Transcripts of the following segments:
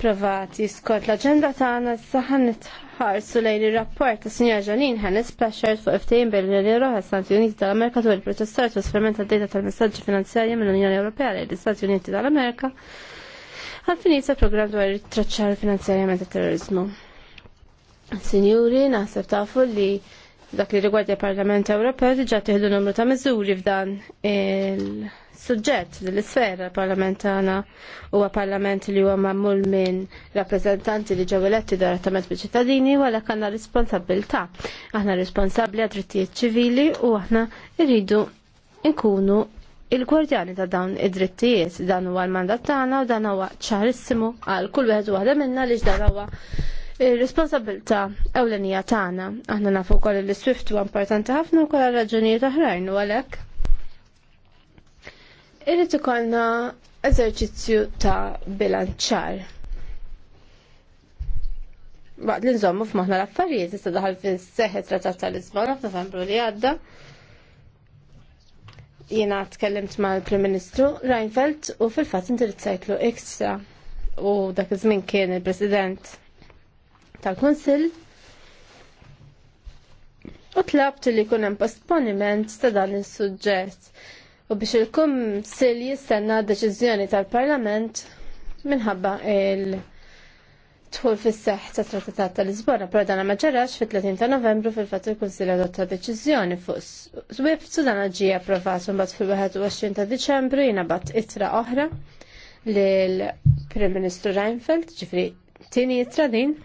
approvati skont l-agenda tagħna saħan nitħarsu lejn ir-rapport ta' sinjar Ġanin Hannes Plashard fuq ftehim bejn l-Euro Stati Uniti tal-Amerika dwar il-proċessar trasferiment tad data tal-messaġġi finanzjarji mill-Unjoni Ewropea lejn l-Istati Uniti tal-Amerika għal-finit programm dwar il-traċċar finanzjarjament ta' terrorizmu. Sinjuri, naħseb tafu li dak li rigward il-Parlament Ewropew diġà tieħdu numru ta' miżuri f'dan il-suġġett l-isfera parlament tagħna huwa parlament li huwa magħmul minn rappreżentanti li ġew eletti direttament bil-ċittadini u għalhekk għandna responsabilità. Aħna responsabbli għad drittijiet ċivili u aħna rridu nkunu il-gwardjani ta' dawn id-drittijiet dan huwa l-mandat tagħna u dan huwa ċarissimu għal kull wieħed waħda minna li x'dan huwa Ir-responsabilta ewlenija tagħna. Aħna nafu wkoll li Swift huwa importanti ħafna wkoll għal raġunijiet oħrajn u għalhekk. Irid ikollna eżerċizzju ta' bilanċar. Waqt li nżommu f'maħna l-affarijiet, issa daħal fis-seħħet trattat ta' lisbona f'Novembru li għadda. Jiena tkellimt mal-Prim Ministru Reinfeldt u fil-fatt indirizzajtlu ekstra u dak iż-żmien kien il-President tal-Konsil u tlabt li kun hemm postponiment ta' dan is-suġġett u biex il-Kunsill jistenna deċiżjoni tal-Parlament minħabba il- tħol fis-seħħ ta' Trattat ta' Lisbona, però dan ma ġarax fit-30 ta' Novembru fil-fatt il-Kunsill adotta deċiżjoni fuq Swift u dan ġie approvat mbagħad fil-21 ta' Diċembru jingħabad ittra oħra lil Prim Ministru Reinfeldt, ġifri tieni ittra din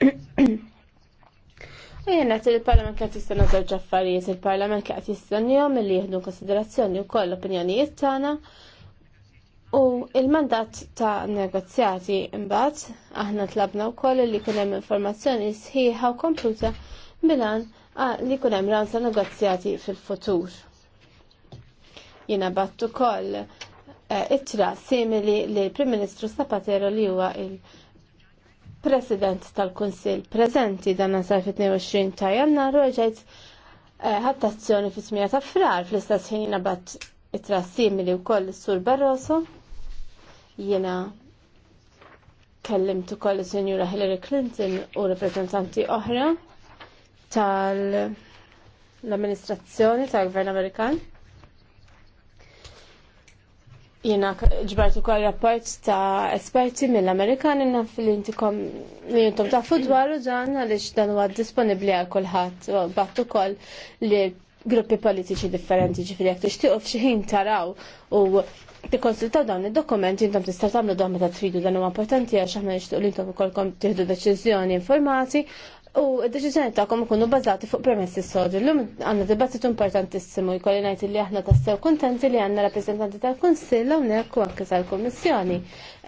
Jena il-parlament kħat jistana zoġ affarijiet, il-parlament kħat jistana jom li jihdu konsiderazzjoni u koll opinjonijiet tana u il-mandat ta' negozjati imbat, aħna tlabna u koll li kunem informazzjoni sħiħa u kompluta bilan li kunem ranza negozjati fil-futur. Jena battu koll eh, it-tra simili li l-Prim Ministru Sapatero li huwa il- President tal-Kunsill preżenti dan nasar fit-22 ta' jannar roġgħet eh, ħadd azzjoni fis ta' frar fl-istess ħin bat itra simili wkoll is-Sur Barroso. Jiena kellimt ukoll is-Sinjura Hillary Clinton u rappreżentanti oħra tal l-amministrazzjoni tal-Gvern Amerikan jina ġbartu u rapport ta' esperti mill-Amerikani naf li intikom li jintom ta' futbalu ġan għalix dan huwa disponibli għal kulħadd battu kol li gruppi politiċi differenti ġifiri jek tixtiqu fxiħin taraw u konsultaw dawn id-dokumenti intom tistgħu tagħmlu dawn meta tridu dan huwa importanti għax aħna nixtieq li intom ukoll tieħdu deċiżjoni informati U d-deċiżjoni tagħkom ikunu bażati fuq premessi sodi. lum għandna dibattitu importantissimu jkolli ngħid li aħna tassew kuntenti li għandna rappreżentanti tal-Kunsill hawnhekk u anke tal-Kummissjoni.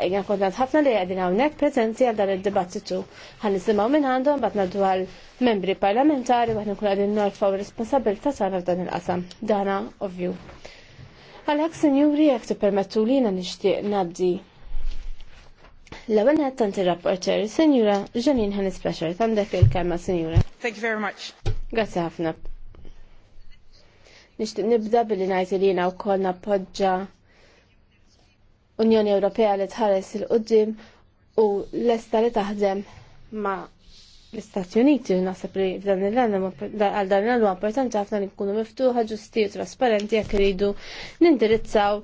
Ejja kontent ħafna li għadin hawnhekk prezenti għal dan id-dibattitu. Ħan nisimgħu minn għandhom bad ngħaddu membri parlamentari u aħna nkunu qegħdin norfaw responsabilità tagħna dan il-qasam. Dana ovvju. Għalhekk, t jekk tippermettu lina nixtieq ngħaddi L-ewwel qed tanti rapporter, Sinjura Ġanin Hannes Pleasure, tandek il-kelma Sinjura. Thank you very much. Grazzi ħafna. Nixtieq nibda billi ngħid li jiena wkoll nappoġġa Unjoni Ewropea li tħares il-qudiem u lesta li taħdem ma' l-Istati Uniti naħseb li f'dan il-għanna għal dan l-għanna importanti ħafna li nkunu miftuħa ġusti u trasparenti jekk iridu nindirizzaw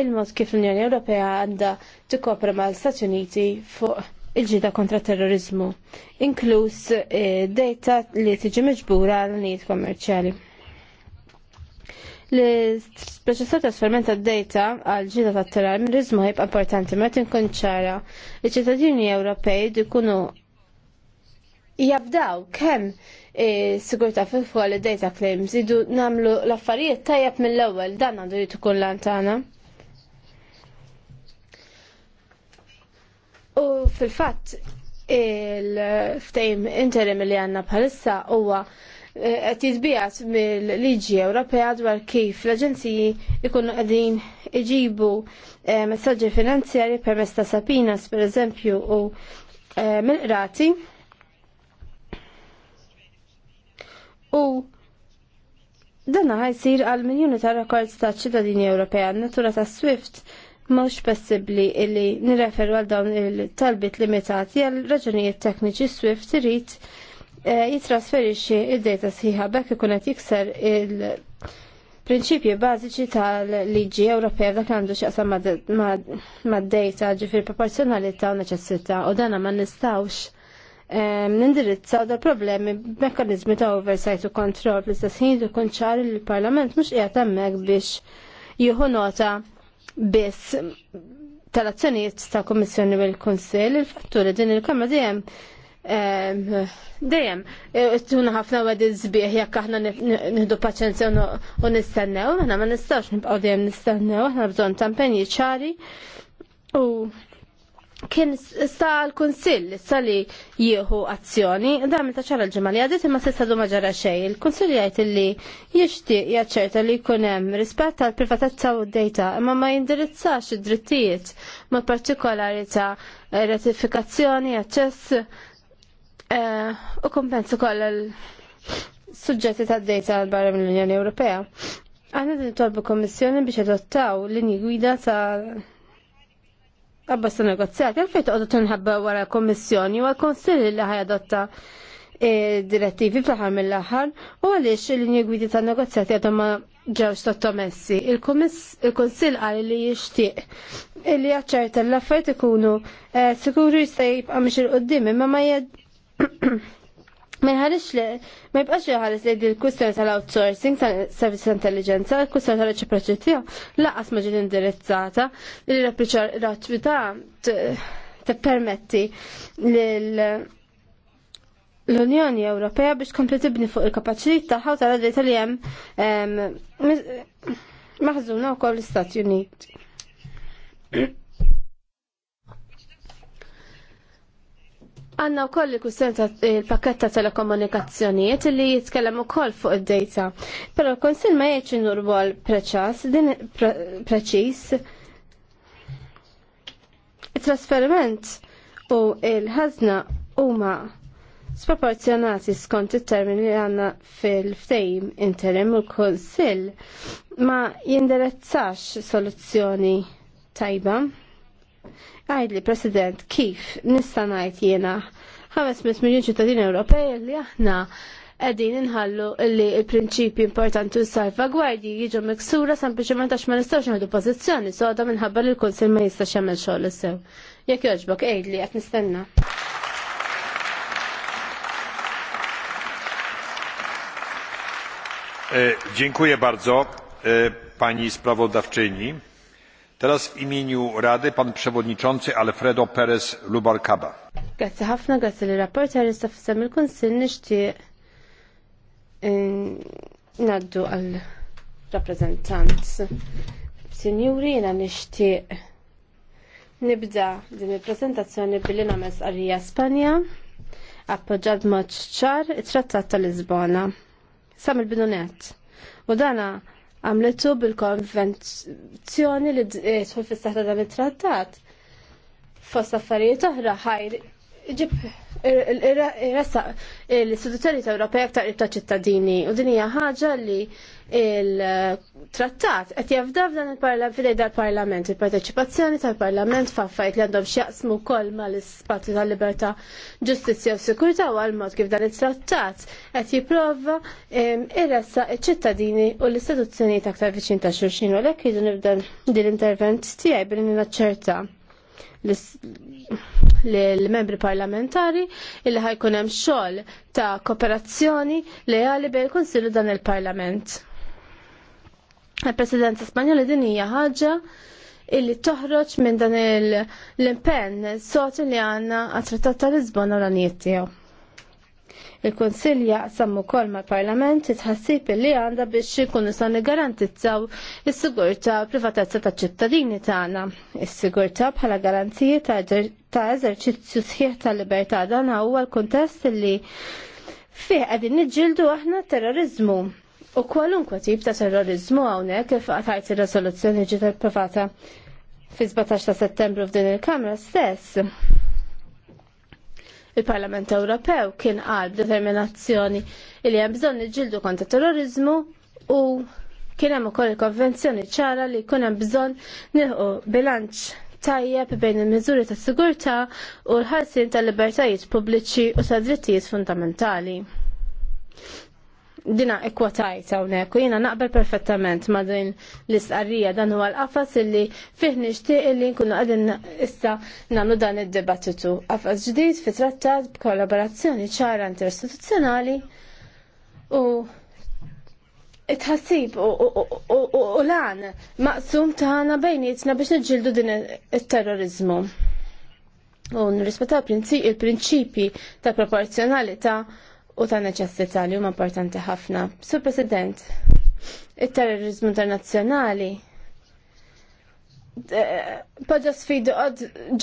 il-mod kif l-Unjoni Ewropea għandha tikkopra mal-Stati Uniti fuq il-ġida kontra terrorizmu, inkluż eh, data li tiġi miġbura għal nijiet kommerċjali. L-proċessur ta' trasferment ta' data għal ġida ta' terrorizmu jib importanti meta tinkun ċara. Iċ-ċittadini Ewropej dikunu jabdaw kemm eh, sigurta fil fuq li data claims idu namlu l-affarijiet tajjeb mill-ewwel dan għandu jrid l-antana. U fil-fatt il-ftejm interim li għanna bħalissa huwa eh, qed jitbijat mill-liġi Ewropea dwar kif l-aġenziji ikunu qegħdin iġibu eh, messaġġi finanzjari permezz ta' sapinas pereżempju u eh, mill-qrati. U dan ħajsir għal minjoni ta' rekords ta' ċittadini Ewropea natura ta' Swift mhux possibbli illi nirreferu għal dawn il-talbit limitati għal raġunijiet tekniċi Swift irid eh, jitrasferixxi id-data sħiħa bekk ikun qed jikser il-prinċipji bażiċi tal-liġi Ewropea dak għandu x'jaqsam mad-data ġifir proporzjonalità u neċessità u dana ma nistgħux ehm, nindirizzaw dal problemi b'mekkanizmi ta' oversight u kontrol fl-istess ħin ikun ċar li l-Parlament mhux qiegħed hemmhekk biex jieħu nota biss tal-azzjonijiet ta' komissjoni u l-Konsil, il fatturi din il-Kamra dejjem ehm, dejjem tuna ħafna għad iżbieħ jekk aħna nieħdu paċenzja u nistennew, aħna ma nistax nibqgħu dejjem nistennew, aħna bżonn tampenji ċari u kien sta l Kunsill issa li jieħu azzjoni, dam ta' ċara l ġemali li għadet imma sissa du ġara xej. il kunsill jgħajt li jixtieq jaċċerta li jkun hemm rispett tal privatezza u d-dejta imma ma jindirizzax id-drittijiet ma partikolari ta' ratifikazzjoni, aċċess eh, u kompensu kollha l-suġġetti tad-dejta għal barra mill-Unjoni Ewropea. Għanna din tolbu kommissjoni biex adottaw l l-inji gwida ta' abbas negozjati għal fejt toqgħodu tinħabba wara l-Kommissjoni u għall-Konsilli li ħajadotta eh, direttivi fl-aħħar mill-aħħar u għaliex il-linji gwidi tan-negozjati għadhom ma ġewx sottomessi. il konsil qal li jixtieq li jaċċerta l-affarijiet ikunu eh, sikuru jista' jibqa' il-qudiem imma ma Ma jħarix li, ma jibqax jħarix li l-kustjoni tal-outsourcing, tal-service intelligenza, l-kustjoni tal-reċiproċitija, laqas maġin indirizzata li l-reċiproċità t-permetti l-Unjoni Ewropea biex kompli tibni fuq il-kapacitiet tagħha u tara dejta li hemm maħżuna wkoll l-Istati Uniti. Għanna u koll il-pakket ta' telekomunikazzjonijiet li jitkellem u koll fuq id-data. Pero konsil ma jieċi nurbol preċas, din preċis. Il-trasferiment u il-ħazna huma sproporzjonati skont it-termin li għanna fil-ftejm interim u konsil ma jindirezzax soluzzjoni tajba. Għajd li President kif nista' ngħid jiena 500 miljun ċittadini Ewropej li aħna għedin inħallu li il-prinċipi importanti u salvagwardji jiġu miksura sempliciment għax ma nistawx nħadu pozizjoni, so għadam minħabba li l-Konsil ma jistax jagħmel xogħol sew. Jekk jogħġbok, għejd li qed nistenna. E, dziękuję bardzo e, pani sprawodawczyni. Teraz w imieniu Rady pan przewodniczący Alfredo Perez Lubarkaba. Grazie ħafna, grazie li rapporter nistaf sam il-konsil nishtiq eh, naddu għal rappresentant. Sinjuri, jena nishtiq nibda din il-presentazzjoni billi namel sqarrija Spanja, appoġġat maċ ċar it-trattat tal-Lisbona. Sam il-bidunet. U dana għamletu bil-konvenzjoni li eh, tħol dan it-trattat. Fost affarijiet oħra ħajri ġib ressa l-istituzzjoni Ewropea aktar ta' ċittadini u din hija ħaġa li il-trattat qed jafdaf f'dan il-parlament dal-parlament il-parteċipazzjoni tal-parlament f'affarijiet li għandhom x'jaqsmu wkoll mal-ispazju tal-libertà, ġustizzja u sikurtà u għal-mod kif dan it-trattat qed jipprova irressa ċ-ċittadini u l ta' ktar viċin ta' xulxin u għalhekk jiġu nibda din l-intervent tiegħi billi naċċerta l-membri parlamentari illi ħajkun hemm xogħol ta' kooperazzjoni lejali bejn il-Kunsillu dan il-Parlament. Il-Presidenza Spanjola din hija ħaġa illi toħroġ minn dan l-impenn sot li għandna għat-Trattat ta' Lisbona l-għanijiet tiegħu. Il-Konsil jaqsam ukoll mal-Parlament itħassib li għandha biex ikunu sa garantizzaw is-sigurtà privatezza taċ-ċittadini tagħna. Is-sigurtà bħala garanziji ta' eżerċizzju sħiħ tal-libertà dan huwa l-kuntest li fih qegħdin niġġieldu aħna terrorizmu. U kwalunkwe tip ta' terrorizmu hawnhekk kif qatajt ir-resoluzzjoni ġiet approvata fi 17 ta' settembru f'din il-Kamra stess Il-Parlament Ewropew kien qal determinazzjoni li hemm bżonn niġildu kontra terrorizmu u kien hemm ukoll il-konvenzjoni ċara li jkun hemm bżonn nieħu bilanċ tajjeb bejn il-miżuri ta' sigurtà u l-ħarsien tal-libertajiet pubbliċi u tad drittijiet fundamentali dina ekwatajt hawnhekk u jiena naqbel perfettament ma' din l-istqarrija dan huwa l-qafas illi fih nixtieq illi nkunu għadin issa nagħmlu dan id debattitu Qafas ġdid fi trattat b'kollaborazzjoni ċara interistituzzjonali u itħassib u lan maqsum tagħna bejnietna biex niġġieldu din it-terrorizmu. U nirrispettaw il-prinċipi ta' proporzjonalità u ta' neċessità li huma importanti ħafna. Sur President, it-terrorizmu internazzjonali eh, poġġa sfidi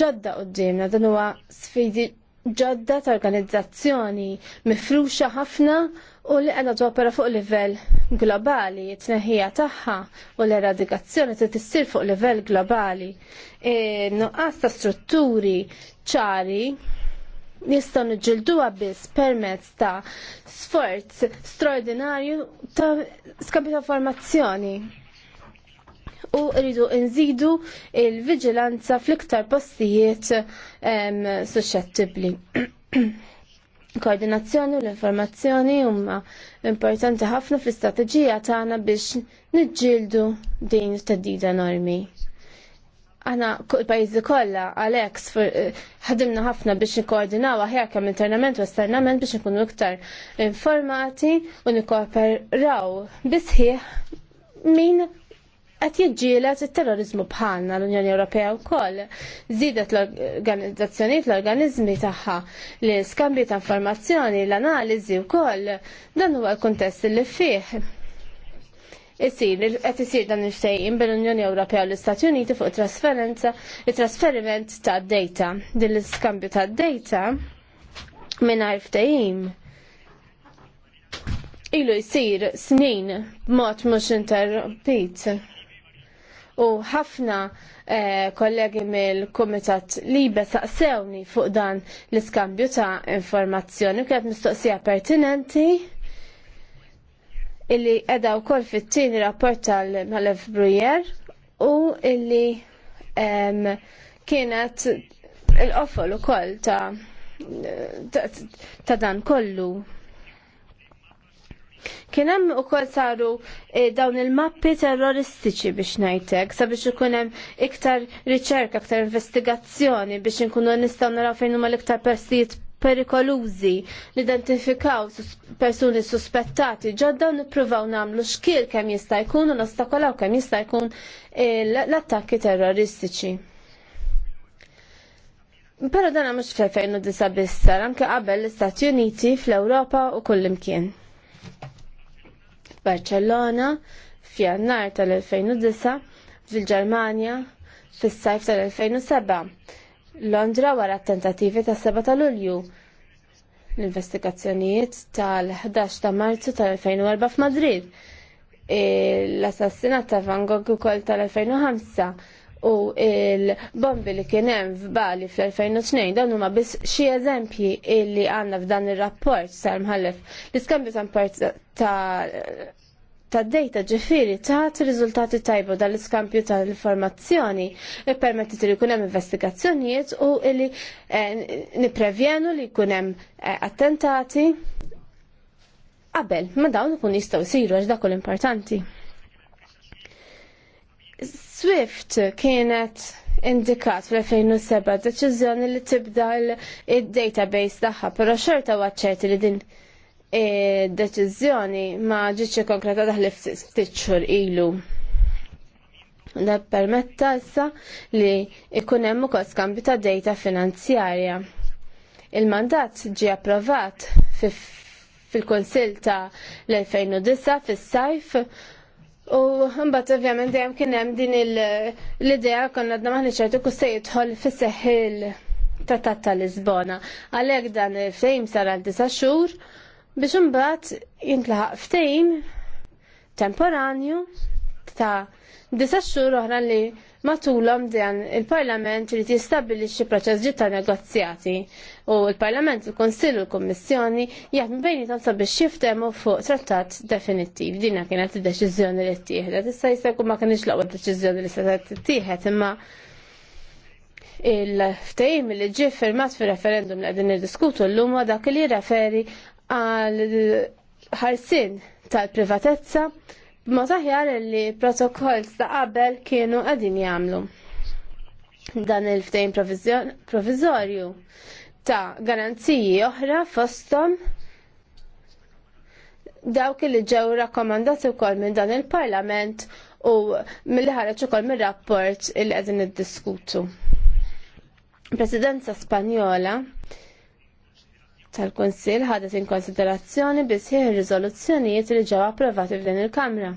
ġodda qoddimna, dan huwa sfidi ġodda ta' organizzazzjoni mifruxa ħafna u li għedha twopera fuq livell globali, it-tneħija tagħha u l-eradikazzjoni se tissir fuq livell globali. E, nuqqas ta' strutturi ċari nistgħu niġġilduha biss permezz ta' sforz straordinarju ta' skambju ta' formazzjoni. U rridu nżidu il-viġilanza fl-iktar postijiet suscettibli. Koordinazzjoni u l-informazzjoni huma importanti ħafna fl-istrateġija tagħna biex niġġieldu din it-teddida enormi għana kull pajizi kolla għalek eh, ħadimna ħafna biex nikoordinaw aħjar kemm internament u esternament biex nkunu iktar informati u nikooperaw bisħieħ min qed jiġġielet it-terrorizmu bħalna l-Unjoni Ewropea wkoll. Żiedet l-organizzazzjonijiet l-organizmi tagħha l-iskambju ta' informazzjoni, l-analiżi wkoll dan huwa l kontest li fih isir qed isir dan il-ftehim bil-Unjoni Ewropea u l-Istati Uniti fuq trasferenza it-trasferiment ta' data din l-iskambju ta' data mingħajr ftehim ilu jsir snin b'mod mhux interrompit. U ħafna eh, kollegi mill-Kumitat Libe saqsewni fuq dan l-iskambju ta' informazzjoni kienet mistoqsija pertinenti illi edha u koll fit-tini rapport tal-Malef Brujer u illi um, kienet il offol u koll ta, ta, ta, dan kollu. Kienem u ukoll saru e, dawn il-mappi terroristiċi biex najtek, sabiex ikunem iktar riċerka, iktar investigazzjoni biex nkunu nistaw naraw fejn huma l-iktar persijiet perikolużi, l identifikaw persuni suspettati, ġodda nippruvaw namlu xkir kemm jista' jkun u nostakolaw kemm jista' jkun eh, l-attakki terroristiċi. Pero dana mux fefejnu disa bissar, anke qabel l-Istati Uniti fl-Europa u kullimkien. Barcellona, f'jannar tal-2009, fil ġermania fis-sajf tal-2007. Londra wara t-tentattivi ta' 7 ta' Lulju. L-investigazzjonijiet tal-11 ta' Marzu tal-2004 f'Madrid. L-assassinat ta' Van Gogh ukoll tal-2005 u il-bombi li kien hemm f'Bali fl-2002 dawn huma biss xi eżempji illi għandna f'dan ir-rapport sar mħallef l-iskambju ta' ta' data ġifiri ta' riżultati tajbu dal-iskampju ta' informazzjoni e permettit li kunem investigazzjonijiet u li eh, niprevjenu li kunem eh, attentati qabel ma dawn ikun jistgħu jsiru għax dak importanti Swift kienet indikat fl-2007 deċiżjoni li tibda l database tagħha, però xorta waċċerti li din E, deċiżjoni ma ġietx konkreta daħli ftit xhur ilu. Da permetta issa li ikun hemm ukoll skambju ta' dejta finanzjarja. Il-mandat ġie approvat fil-Kunsill ta' l-2009 fis-sajf u mbagħad ovvjament dejjem kien hemm din l-idea konna għadna maħni ċertu kusta jidħol fis-seħħil Trattat ta' Lisbona. Għalhekk dan il-fejm sar għal disa' xhur biex imbagħad jintlaħaq ftejn temporanju ta' disa xhur oħra li matulhom dan il-Parlament li jistabbilixxi proċess ġiet ta' negozjati u l-Parlament, il kunsill u l kummissjoni jaħdmu bejnietom sabiex jiftemu fuq trattat definittiv. Dina kienet id-deċiżjoni li ttieħdet. Issa jista' ma kienx l-ewwel deċiżjoni li se tittieħed imma il ftehim li ġie firmat fir referendum li qegħdin niddiskutu llum dak li referi għal ħarsin tal-privatezza ma taħjar li protokoll ta' qabel kienu għadin jagħmlu. Dan il-ftejn provizorju ta' garanziji oħra fostom dawk li ġew rakkomandati wkoll minn dan il-Parlament u mill-li ħareġ ukoll mir-rapport il qegħdin niddiskutu. Presidenza Spanjola tal-Kunsill ħadet in konsiderazzjoni bisħieħ ir-riżoluzzjonijiet li ġew approvati f'din il-Kamra.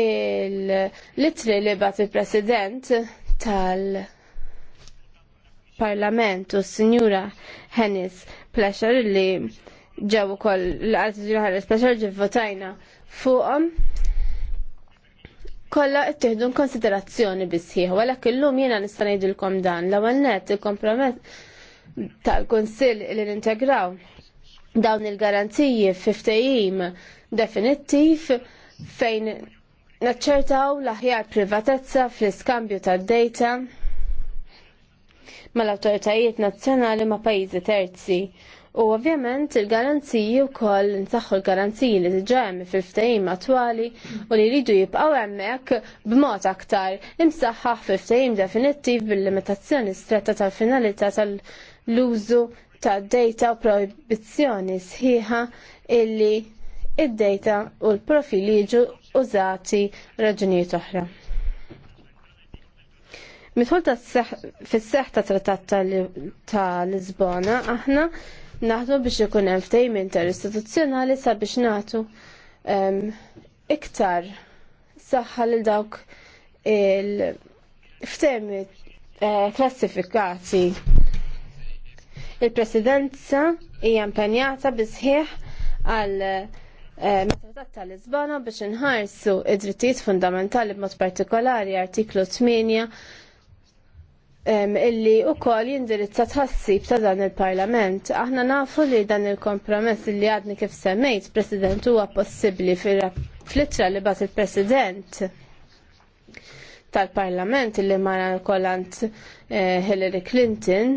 Il-litri li bat il-President tal-Parlament u s-Sinjura Hennis Pleasure li ġew ukoll l-artiġi ħares Pleasure ġivvotajna fuqhom. Kolla it ttieħdu konsiderazzjoni bisħieħ, għalhekk illum jiena nista' ngħidilkom dan l-ewwel nett il-kompromess tal konsil li nintegraw dawn il-garanziji f'ftehim definittiv fejn naċċertaw l-aħjar privatezza fl-iskambju tad-data mal-awtoritajiet nazzjonali ma' pajjiżi terzi U ovvjament il-garanziji u koll nsaxħu l-garanziji li t hemm fil ftajim attwali u li jridu jibqgħu hemmhekk b'mod aktar imsaħħaħ fil ftajim definittiv bil-limitazzjoni stretta tal-finalità tal-użu tad data u proibizzjoni sħiħa illi id-data u l-profili jiġu użati raġunijiet oħra. Mitħol fis-seħ ta' trattat ta' Lisbona, aħna naħdu biex ikun hemm ftehim interistituzzjonali sabiex nagħtu iktar saħħa lil dawk il-ftehim eh, klassifikati. Il-presidenza hija impenjata sħiħ għal eh, metodat tal-Lisbona biex inħarsu id-drittijiet fundamentali b'mod partikolari artiklu 8 illi u kol jindirizza tħassib ta' dan il-parlament. Aħna nafu li dan il-kompromess li għadni kif semmejt, president huwa possibli fl-ittra li bat il-president tal-parlament illi mara kolant eh, Hillary Clinton.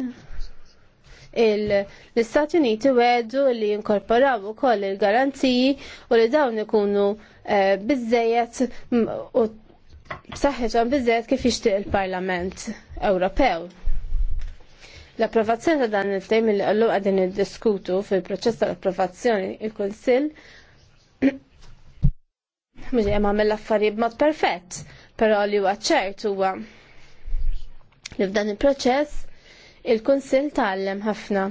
L-Istati Uniti wedu li jinkorporaw u koll il-garanziji u li dawn ikunu eh, bizzejet u b'saħħithom bizzejet kif jixtieq il-parlament Ewropew. L-approvazzjoni ta' dan il-tejm li għallu għadin id-diskutu fil-proċess tal-approvazzjoni il-Konsil Mħiġi jemma mill-affarijiet mod perfett, pero li huwa ċert huwa li f'dan il-proċess il-Kunsill tgħallem ħafna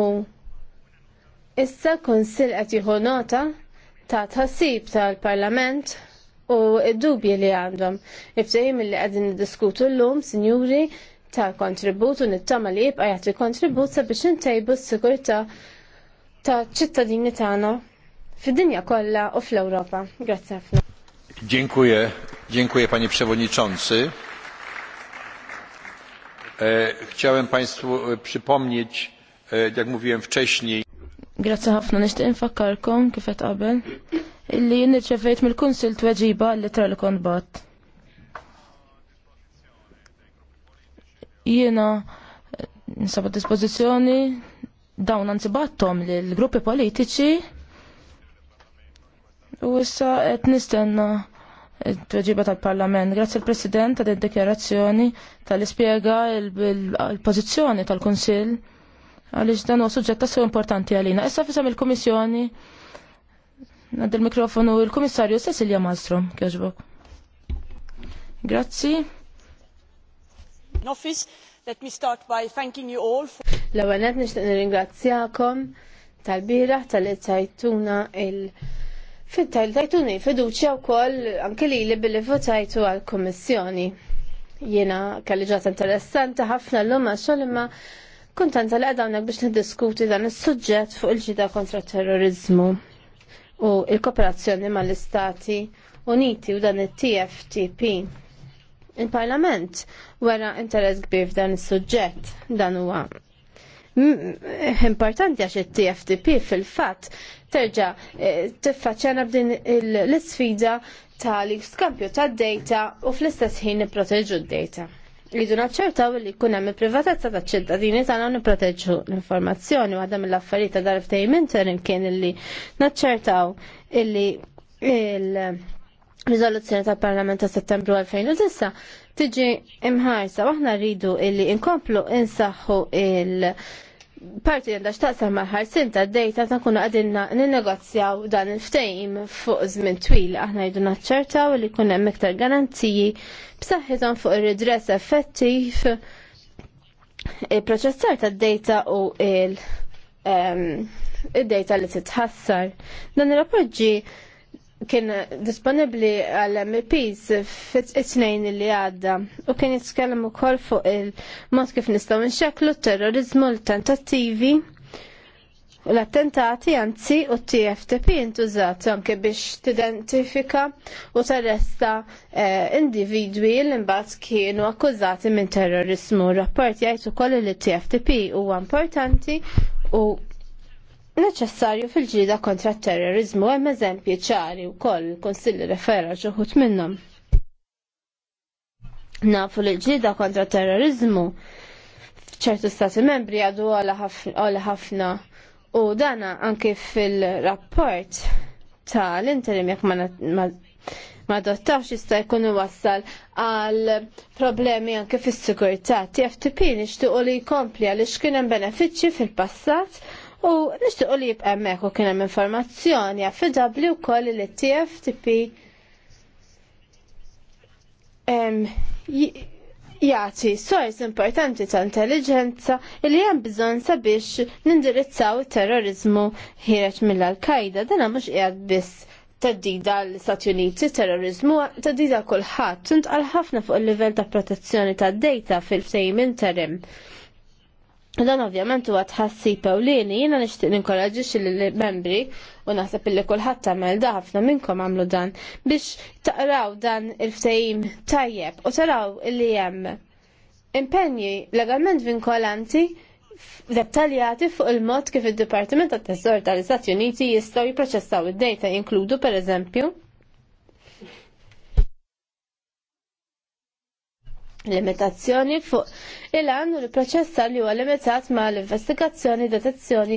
u issa l-Kunsill qed jieħu nota ta' tħassib tal-Parlament u id-dubji li għandhom. Iftajim li għadin diskutu l-lum, sinjuri, ta' kontribut u nittama li jibqa jgħati kontribut sabiex intejbu s-sigurtà ta' ċittadini tagħna fid-dinja kollha u fl-Ewropa. Grazzi ħafna. Dziękuję, dziękuję panie przewodniczący. E, chciałem państwu e, przypomnieć, e, jak mówiłem wcześniej. Grazzi ħafna nixtieq infakkarkom kif qed qabel illi nirċevejt mill-Kunsil tweġiba li tra li kont bat. Jiena eh, nisab dispożizzjoni dawn anzibattom li l-gruppi politiċi u issa qed nistenna tweġiba tal-Parlament. Grazzi l-President ta' dikjarazzjoni tal-ispjega l-pożizzjoni tal-Kunsill għaliex dan huwa suġġett tassew importanti għalina. Issa fisem il-Kummissjoni Nad il-mikrofonu il-Komissarju Cecilia Malmström, kjoġbok. Grazzi. Office, let me start by thanking you all. L-ewwel nishtiq nixtieq nirringrazzjakom tal bira tal tajtuna il- Fittajl tajtuni fiduċja u koll anke li li billi votajtu għal-Komissjoni. Jena kalliġat interessanti ħafna l-lum għaxol kontanta li għadawnek biex nidiskuti dan is-suġġett fuq il-ġida kontra terrorizmu u il-kooperazzjoni mal-Istati Uniti u dan it-TFTP. Il-Parlament wara interess kbir f'dan is-suġġett dan huwa importanti għax it-TFTP fil-fatt terġa' eh, tiffaċċjana b'din l-isfida tal-iskampju tad-data u fl-istess ħin nipproteġu d-data. Rridu naċċertaw li jkun hemm il-privatezza taċ-ċittadini tagħna nipproteġġu l-informazzjoni waħda mill-affarijiet ta' darftejn interim kien illi naċċertaw illi il-riżoluzzjoni tal-Parlament ta' Settembru 2009 tiġi imħarsa waħna rridu illi inkomplu insaħħu il- parti għandha xtaqsa maħar sinta d-dejta ta' kuna għadinna ninnegozjaw dan il ftejm fuq żmien twil aħna jdu naċċertaw li kuna hemm iktar garanziji b'saħħithom fuq ir-redress effettiv il-proċessar ta' dejta u il- ehm, id-dejta li titħassar. Dan ir-rapport kien disponibli għal MPs fit-snejn it li għadda u kien jitkellem ukoll fuq il-mod kif nistgħu t terrorizmu l-tentattivi l-attentati anzi u t-TFTP intużat anke biex tidentifika u tarresta eh, individwi l imbat kienu akkużati minn terrorizmu. Rapport jgħid ukoll li t-TFTP huwa importanti u neċessarju fil-ġida kontra t terrorizmu hemm eżempji ċari wkoll il-Konsilli refera ġuħut minnhom. Nafu li l-ġida kontra terrorizmu ċertu stati membri għadu għala ħafna u dana anke fil-rapport tal-interim jekk ma ma jista' jkun wassal għal problemi anke fis-sigurtà. TFTP nixtiequ li jkompli għaliex kien hemm benefiċċji fil-passat U u li jibqemmek u kien hemm informazzjoni affidabbli wkoll li t-TFTP jagħti sors importanti ta' intelligenza li hemm bżonn sabiex nindirizzaw it-terrorizmu ħireġ mill-Al-Qaida dana mhux qiegħed biss teddida l-Stati Uniti, terrorizmu, teddida kulħadd, għal ħafna fuq il-livell ta' protezzjoni tad data fil-ftehim interim. Dan ovvjament huwa tħassib ewlieni, jiena nixtieq ninkoraġġix lill-membri u naħseb illi kulħadd tagħmel da ħafna minnkom għamlu dan biex taqraw dan il-ftehim tajjeb u taraw illi hemm impenji legalment vinkolanti dettaljati fuq il-mod kif id-Dipartiment tat tesor tal-Istati Uniti jistgħu jipproċessaw id-dejta jinkludu pereżempju limitazzjoni fuq il-għan u l-proċessa li huwa limitat ma l-investigazzjoni, detezzjoni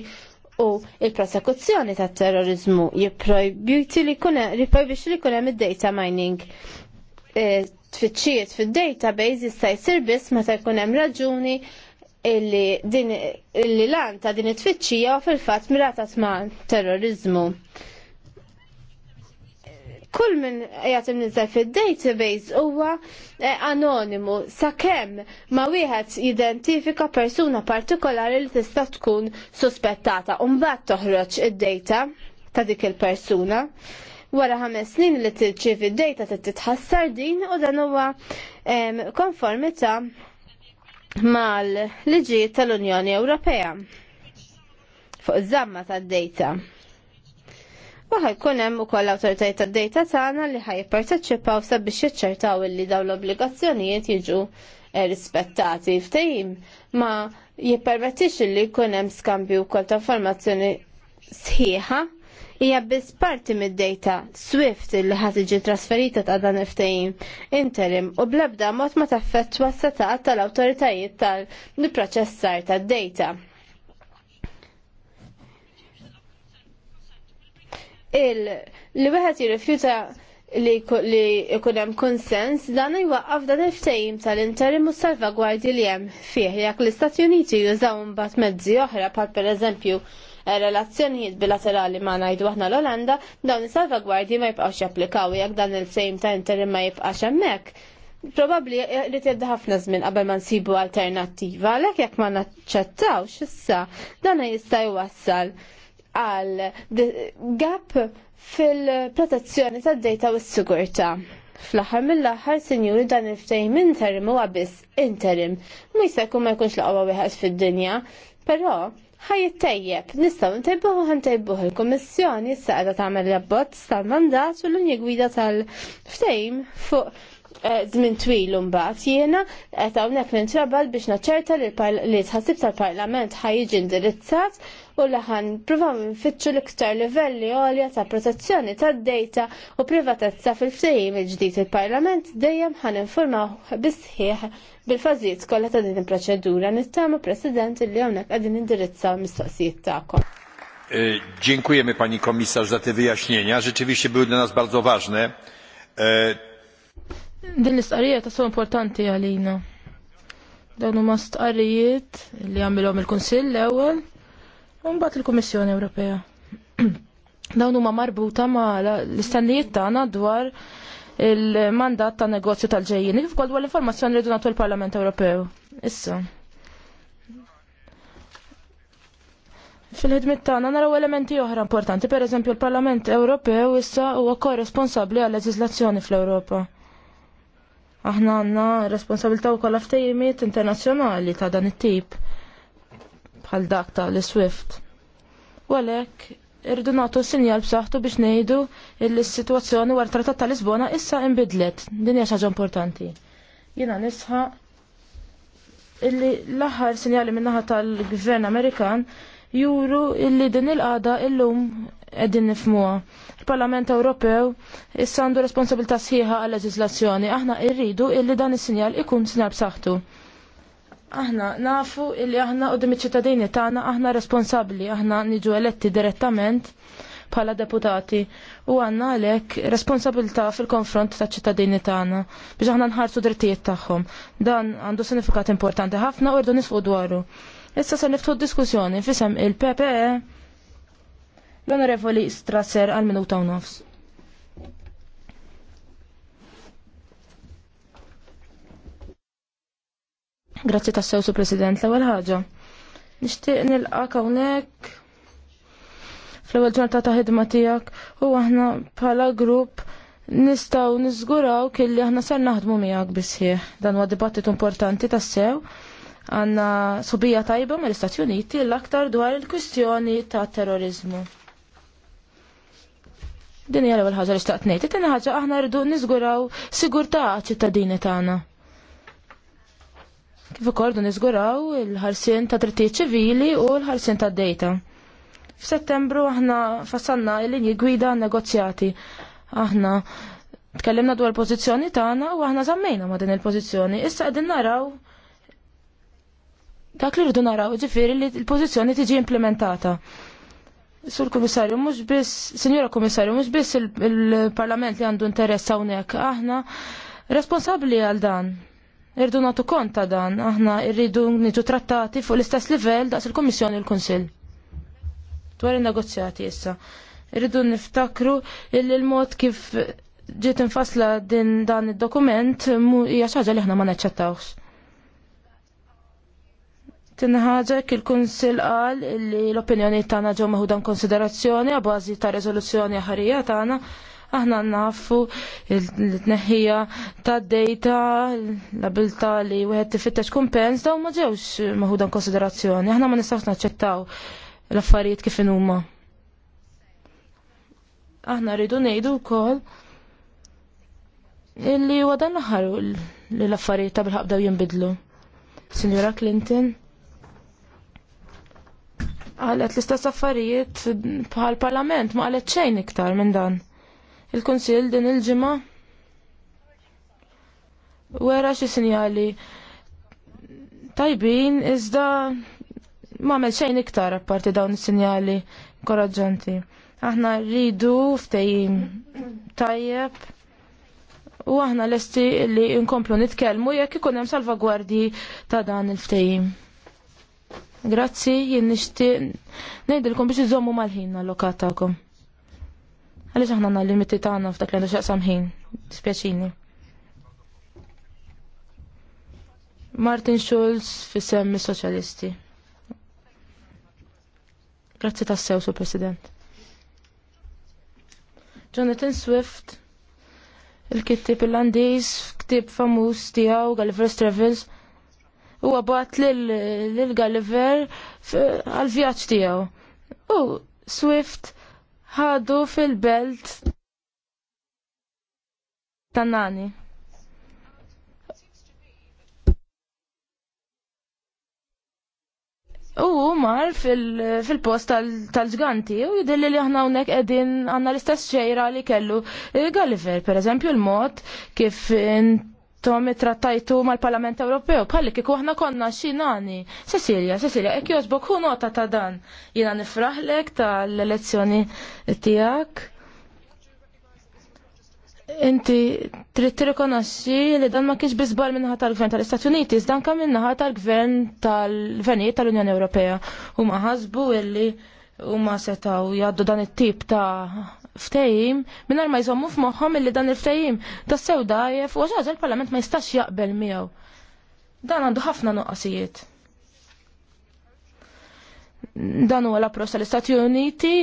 u il-prosekuzzjoni ta' terrorizmu jiprojbiti li kunem, jiprojbix li id-data mining. E, tfittxijiet fil-database jista' jsir biss meta jkun hemm raġuni illi din illi lan ta' din it-tfittxija u fil-fatt mirata ma' terrorizmu kull minn qiegħed imniżel fid-database huwa eh, anonimu sakemm ma wieħed jidentifika persuna partikolari li tista' tkun suspettata u mbagħad toħroġ id-data ta' dik il-persuna wara ħames snin li id-data trid titħassar din u dan huwa konformità mal-liġijiet tal-Unjoni Ewropea fuq iż-żamma tad-dejta u ħajkun hemm ukoll awtoritajiet tad-dejta tagħna li ħajjipparteċipaw sabiex jiċċertaw illi dawn l-obbligazzjonijiet jiġu eh, rispettati. Ftehim ma jippermettix li jkun hemm skambju wkoll ta' informazzjoni sħiħa hija biss parti mid-data Swift li ħad iġi trasferita ta' dan il interim u blabda ebda mod ma taffett s tal-awtoritajiet tal-proċessar tad-data. Il li wieħed jirrifjuta li jkun hemm konsens dan jwaqqaf dan il-ftehim tal-interim u salvagwardji li hemm fih jekk l-Istati Uniti jużaw mbagħad mezzi oħra bħal pereżempju eh, relazzjonijiet bilaterali ma ngħidu aħna l-Olanda dawn is-salvagwardji ma jibqgħux japplikaw jekk dan il-ftehim ta' interim ma jibqax hemmhekk. Probabbli li eh, tibda ħafna żmien qabel ma nsibu alternattiva għalhekk jekk ma naċċettawx issa dan jista' jwassal għal gap fil-protezzjoni tad data u s-sigurta. Fl-aħħar mill-aħħar sinjuri dan il minn interim huwa biss interim. Ma jista' jkun ma jkunx laqwa wieħed fid-dinja, però ħajittajjeb, nistaw ntajbuħu ħantajbuħu il-Kommissjoni s-saqda tagħmel l-abbozz tal-mandat u l-unja gwida tal-ftejm fuq żmien eh, twil mbagħad jiena qed hawnhekk nintrabal biex naċċerta li tħassib tal-Parlament ħajjiġi indirizzat u li ħan provaw nfittxu l-iktar livelli għolja ta' protezzjoni tad-dejta u privatezza fil-ftehim il-ġdid il-Parlament dejjem ħan informaw bisħieħ bil-fażijiet kollha ta' din il-proċedura nittama President li hawnhekk qegħdin indirizzaw mistoqsijiet tagħkom. E, dziękujemy pani komisarz za te wyjaśnienia. Rzeczywiście były dla nas bardzo ważne. E, Din l istqarrijiet ta' importanti għalina. Dawn huma stqarrijiet li għamilhom il-Kunsill l-ewwel u mbagħad il-Kummissjoni Ewropea. Dawn huma marbuta ma' l-istennijiet tagħna dwar il-mandat ta' negozju tal-ġejjin. Kif ukoll dwar l-informazzjoni li donatu l-Parlament Ewropew. Issa. Fil-ħidmit tagħna naraw elementi oħra importanti, pereżempju l-Parlament Ewropew issa huwa korresponsabbli għal leġiżlazzjoni fl-Ewropa. Aħna għandna responsabilità wkoll kollaftajimiet internazzjonali ta' dan it-tip bħal dak ta' l swift U għalhekk irridu nagħtu sinjal b'saħħtu biex ngħidu li s-sitwazzjoni wara trattat ta' Lisbona issa inbidlet. Din hija xi ħaġa importanti. Jiena nisħa illi l-aħħar sinjali min-naħa tal-Gvern Amerikan juru illi din il-qada illum qegħdin nifmuha. Il-Parlament Ewropew issa għandu responsabilità sħiħa għal leġislazzjoni. Aħna rridu illi dan is-sinjal ikun sinjal b'saħħtu. Aħna nafu illi aħna qudiem iċ-ċittadini tagħna aħna responsabbli, aħna niġu eletti direttament bħala deputati u għanna għalek responsabilta fil-konfront ta' ċittadini tagħna biex aħna nħarsu drittijiet tagħhom. Dan għandu sinifikat importanti ħafna u rdu nisqu dwaru. Issa se niftu diskussjoni fisem il-PPE l-Onorevoli Strasser għal minuta u nofs. Grazzi tassew su President l-ewwel ħaġa. Nixtieq nilqak hawnhekk fl-ewwel ġurnata ta' ħidma tiegħek u aħna bħala grupp nistgħu nizguraw kelli għahna ser naħdmu miegħek bisħieħ. Dan huwa dibattit importanti tassew. sew għanna subija tajba mill-Istati Uniti l-aktar dwar il-kwistjoni ta' terrorizmu. Din hija l-ewwel ħaġa li xtaqt ngħid, it-tieni ħaġa aħna rridu niżguraw sigurtà ċittadini tagħna. Kif ukoll niżguraw il-ħarsien ta' drittijiet ċivili u l-ħarsien ta' dejta. F'Settembru aħna fassanna l-linji gwida negozjati. Aħna tkellimna dwar il-pożizzjoni tagħna u aħna żammejna ma' din il-pożizzjoni. Issa qegħdin naraw Dak li rridu naraw ġifieri li l-pożizzjoni tiġi implementata. Sur komissarju, mhux biss, senjora Komissarju, mhux biss il-Parlament li għandu interess hawnhekk, aħna responsabbli għal dan. Irridu nagħtu kont ta' dan, aħna rridu nitu trattati fuq l-istess livell daqs il-Kummissjoni l-Kunsill. Dwar in-negozjati issa. Irridu niftakru il-mod kif ġiet infasla din dan id-dokument hija xi ħaġa li aħna ma naċċettawx. Tinħaġek il-Kunsil qal li l-opinjoni tagħna ġew dan konsiderazzjoni a bażi ta' riżoluzzjoni ħarija tagħna aħna nafu l-tneħħija ta' data l-abilta li wieħed tifittex kumpens daw ma ġewx dan konsiderazzjoni. Aħna ma nistax naċċettaw l-affarijiet kif inhuma. Aħna rridu ngħidu wkoll illi huwa dan l-aħħar l-affarijiet ta' bil-ħabdaw jinbidlu. Signora Clinton. Għalet l-istess affarijiet bħal parlament ma għalet xejn iktar minn dan. il konsil din il-ġimgħa wera xi sinjali tajbin iżda ma għamel xejn iktar apparti dawn is-sinjali koraġġanti. Aħna rridu ftejim tajjeb u aħna lesti li nkomplu nitkellmu jekk ikun hemm salvagwardji ta' dan il-ftejim. Grazzi, jien nixtieq ngħidilkom biex iżommu mal-ħin allokat tagħkom. Għaliex aħna għandna limiti tagħna f'dak li għandu xaqsam ħin. Dispjaċini. Martin Schulz fis-semmi Soċjalisti. Grazzi tassew, Sur President. Jonathan Swift, il-kittib il-landis, ktib famuż tiegħu Gulliver's Travels, u għabat l-Gulliver għal-vjaċ tijaw. U Swift ħadu fil-belt tannani. U mar fil-post tal-ġganti u jidilli li aħna unnek edin għanna l-istess xejra li kellu Gulliver, per eżempju, l-mod kif tom trattajtu mal-Parlament Ewropew, bħalli kiku aħna konna xinani. Cecilia, Cecilia, ek jozbok hu nota ta' dan. Jina nifraħlek tal-elezzjoni tijak. Inti trid tirrikonoxxi li dan ma kienx biżbar minnaħa tal-Gvern tal-Istati Uniti, dan kam minnaħa tal-Gvern tal venijiet tal-Unjoni Ewropea. Huma ħasbu illi huma setaw jgħaddu dan it-tip ta' ftehim mingħajr ma jżommu f'moħħhom illi dan il-ftehim tas-sewda jef u ġaġa parlament ma jistax jaqbel miegħu. Dan għandu ħafna nuqqasijiet. Dan huwa l-approċċ tal-Istati Uniti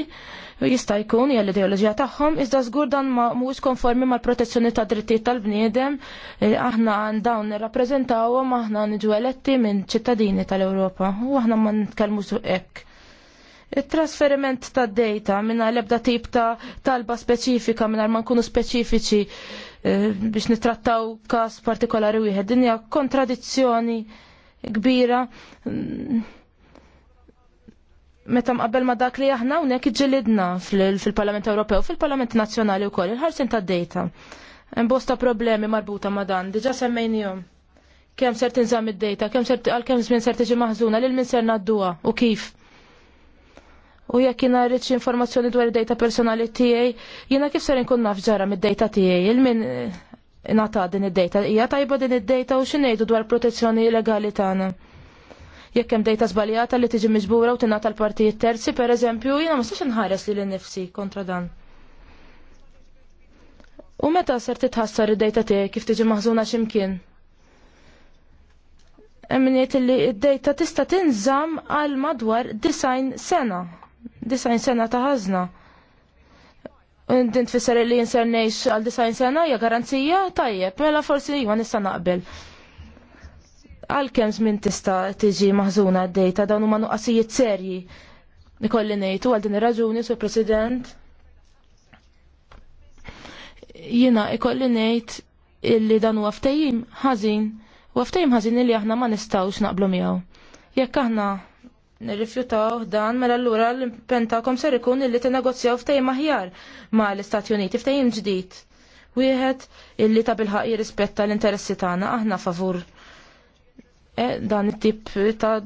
jista' jkun hija l-ideoloġija tagħhom, iżda żgur dan ma mhuwiex konformi mal-protezzjoni ta' drittijiet tal-bniedem, eh, aħna dawn nirrappreżentawhom aħna niġu eletti minn ċittadini tal-Ewropa u aħna ma nitkellmux hekk. Il-trasferiment ta' data minna ebda tip ta' talba speċifika minna ma nkunu speċifiċi eh, biex nitrattaw kas partikolari wieħed. Din hija kontradizzjoni kbira mm, meta qabel ma dak li aħna hawnhekk iġġilidna fil-Parlament Ewropew, fil-Parlament Nazzjonali wkoll, il-ħarsin tad-dejta. Hemm bosta problemi marbuta ma dan, diġà semmejnihom. Kemm ser tinżamm id-dejta, kemm ser għal żmien ser tiġi maħżuna lil min ser nadduha u kif u jekk jina rridx informazzjoni dwar id-data personali tiegħi, jiena kif ser inkun naf ġara mid-data tiegħi, il-min eh, nata din id-data, hija tajba din id-data u ngħidu dwar protezzjoni legali tagħna. Jekk hemm data żbaljata li tiġi miġbura u tingħata l-partijiet terzi, pereżempju, jiena ma stax inħares lil nifsi kontra dan. U meta ser titħassar id-dejta tiegħek kif tiġi maħżuna x'imkien? Hemm jgħid li d-dejta tista' tinżamm għal madwar design sena Disajn sena ta' ħażna. Dint fisser li jinser nejx għal disajn sena hija garanzija tajjeb, mela forsi iva nista' naqbel. Għal kemm żmien tista' tiġi maħżuna d-dejta dawn huma nuqqasijiet serji. Nikolli ngħid għal din ir-raġuni sur President. Jiena ikolli ngħid illi dan huwa ftehim ħażin, u ftehim ħażin illi aħna ma nistgħux naqblu miegħu. Jekk aħna nirrifjutaw dan mela allura l pentakom ser ikun illi t-negozjaw ftej maħjar ma' l-Istati Uniti ftehim ġdid. Wieħed illi ta' bilħaq jirrispetta l-interessi tagħna aħna favur e, dan it-tip ta'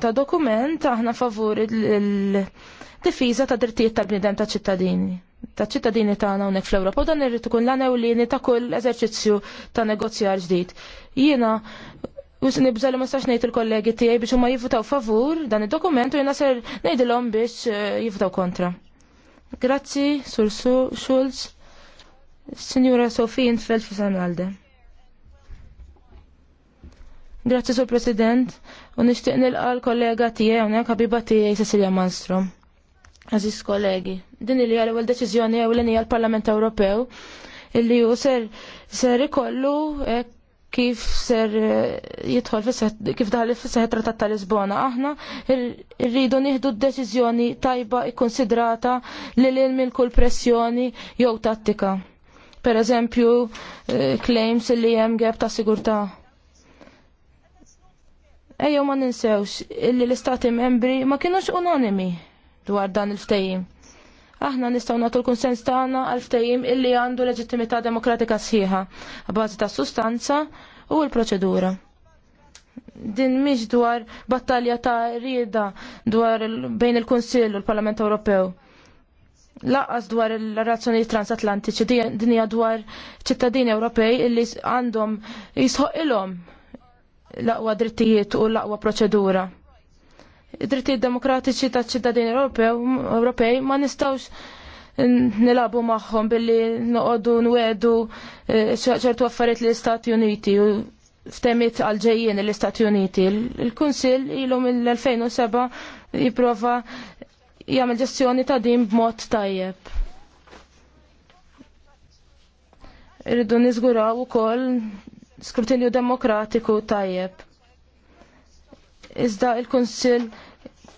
ta' dokument aħna favur il-difiża ta' drittijiet tal-bniedem ta' ċittadini ta' ċittadini tagħna hawnhekk fl-Ewropa u dan irrid ikun l-għana ta' kull eżerċizzju ta' negozjar ġdid. Jiena Jus nibżal ma stax nejt il-kollegi tijaj biex huma jivutaw favur dan il-dokument u jena ser biex eh, jivutaw kontra. Grazzi, Sur Schulz, Signora Sofie Intfeld Fisan Alde. Grazzi, Sur President, u nishtiq nilqa l-kollega tijaj unek ħabiba tijaj Cecilia Manstrom. Aziz kollegi, din li għal ewwel deċiżjoni għal l-Parlament Ewropew illi u ser ser ikollu eh, kif ser eh, jidħol kif daħal fis-seħet trattat ta' Lisbona. Aħna rridu nieħdu d-deċiżjoni tajba ikkonsidrata li lil minn kull pressjoni jew tattika. Per eżempju, eh, claims li hemm gap ta' sigurtà. Ejjew ma ninsewx illi l-istati membri ma kienux unanimi dwar dan il-ftejim aħna nistgħu nagħtu l-kunsens tagħna għal ftehim illi għandu leġittimità demokratika sħiħa bażi ta' sustanza u l-proċedura. Din mhix dwar battalja ta' rieda dwar bejn il-Kunsill u l-Parlament Ewropew. Laqqas dwar il-razzjoni transatlantiċi din hija dwar ċittadini Ewropej illi għandhom jisħoq l-aqwa drittijiet u l-aqwa proċedura id drittijiet demokratiċi taċ ċittadini Ewropej ma nistawx nilabu magħhom billi noqogħdu nwedu eh, ċertu affarijiet l-Istati Uniti u ftemit għalġejjien l-Istati Uniti. Il-Kunsill ilhom mill-2007 jipprova jagħmel ġestjoni ta' din b'mod tajjeb. Irridu niżguraw ukoll skrutinju demokratiku tajjeb. Iżda il-Kunsill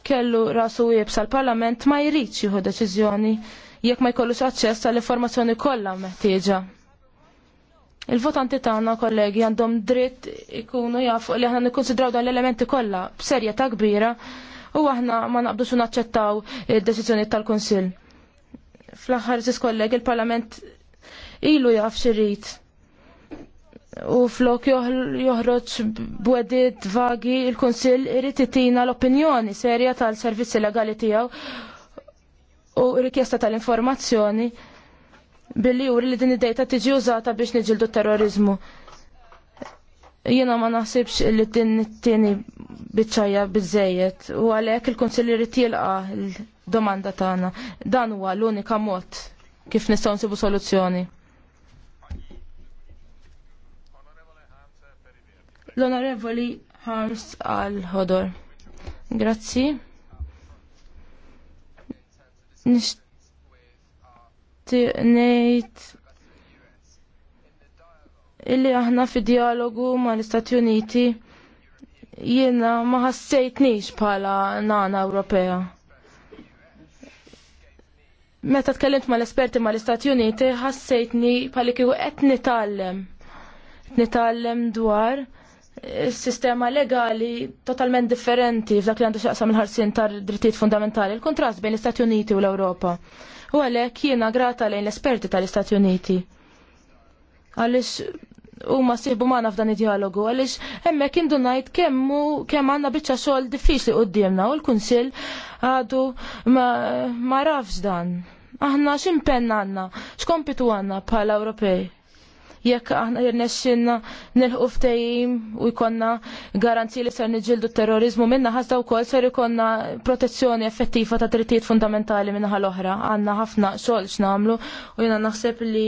kellu rasu jibsa l-Parlament ma jridx jieħu deċiżjoni jekk ma jkollux aċċess għall-informazzjoni kollha meħtieġa. Il-votanti tagħna kollegi għandhom dritt ikunu jafu li aħna nikkonsidraw dan l-elementi kollha b'serjetà kbira u aħna ma naqbdux naċċettaw id-deċiżjoni tal-Kunsill. Fl-aħħar kollegi il-Parlament ilu jaf xirrit u flok joħroġ bwedit vagi il-Konsil irid itina l-opinjoni serja tal-servizzi legali tiegħu u rikjesta tal-informazzjoni billi juri li din id-dejta tiġi użata biex niġildu terrorizmu. Jiena ma naħsibx li din it-tieni biċċajja biżejjed u għalhekk il-Kunsill irid jilqa' l-domanda tagħna. Dan huwa l-unika mod kif nistgħu nsibu soluzzjoni. L-Onorevoli Harms Al-Hodor. Grazzi. Nishtiqnejt illi aħna fi dialogu ma l-Istati Uniti jiena ma ħassejtnix bħala nana Ewropea. Meta tkellimt ma l-esperti ma l-Istati Uniti ħassejtni bħali etni qed Etni tallem dwar sistema legali totalment differenti f'dak li għandu xaqsam il-ħarsin tar drittijiet fundamentali, il-kontrast bejn l-Istati Uniti u l-Ewropa. U għalhekk jiena grata lejn l-esperti tal-Istati Uniti. Għaliex huma siħbu ma' f'dan id-dialogu għaliex hemmhekk indu ngħid kemm kemm għandna biċċa xogħol diffiċli qudiemna u l-Kunsill għadu ma, rafx dan. Aħna x'impenn għandna, x'kompitu għandna bħala Ewropej jekk aħna jirnexxinna nilħu ftehim u jkollna garanzi li ser niġildu terrorizmu minna ħasda wkoll ser ikollna protezzjoni effettiva ta' drittijiet fundamentali minna l-oħra. Għandna ħafna xogħol nagħmlu u jiena naħseb li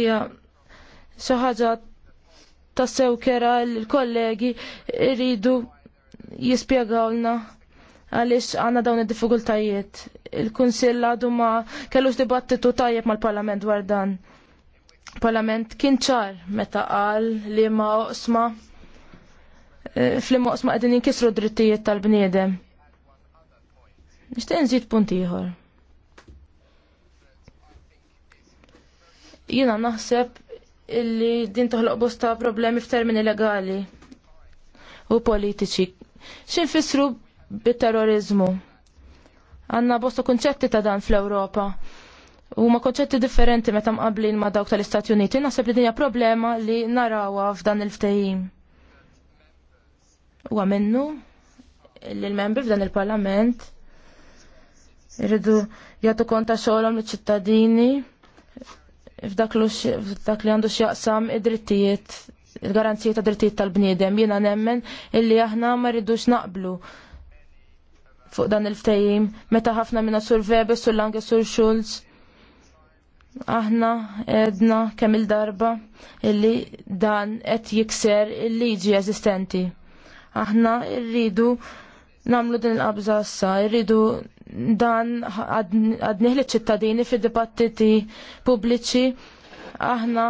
hija xi ħaġa tassew kera l-kollegi rridu jispjegawlna għaliex għandna dawn id-diffikultajiet. Il-Kunsill għadu ma kellux dibattitu tajjeb mal-Parlament dwar dan. Parlament kien ċar meta qal li ma oqsma e, fl-imma oqsma għedin jinkisru drittijiet tal-bniedem. Nixtieq nżid punt ieħor. Jiena naħseb illi din toħloq bosta problemi f'termini legali u politiċi. Xin fissru bit-terrorizmu? Għanna bosta kunċetti ta' dan fl-Europa. Huma konċetti differenti meta mqablin ma' dawk tal-Istati Uniti. Naħseb li dinja problema li narawha f'dan il-ftehim. Huwa minnu li l-membri f'dan il-Parlament irridu jagħtu konta xogħolhom liċ-ċittadini f'dak li għandu x'jaqsam id-drittijiet il-garanzija ta' drittijiet tal-bniedem jiena nemmen illi aħna ma rridux naqblu fuq dan il-ftejim meta ħafna minna sur Weber, sur Lange, sur Schulz aħna edna kemm il-darba illi dan qed jikser il-liġi eżistenti. Aħna rridu namlu din il-qabża issa, rridu dan għadniħ li ċittadini fi dibattiti pubbliċi, aħna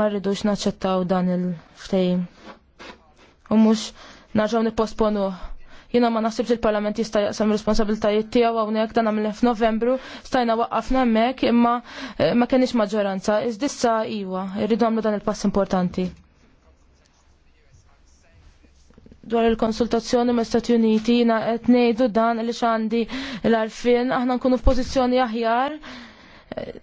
ma rridux naċċettaw dan il-ftejim. U mhux narġgħu nipposponuh. Jiena ma naħsibx il-Parlament jista' jaqsam responsabiltajiet tiegħu hawnhekk dan għamilna f'Novembru stajna waqqafna hemmhekk imma eh, ma kenniex maġġoranza. Iżdissa iwa, irridu għamlu dan il-pass importanti. Dwar il-konsultazzjoni ma' Stati Uniti jiena qed ngħidu dan li x'għandi l-arfin aħna nkunu f'pożizzjoni aħjar eh,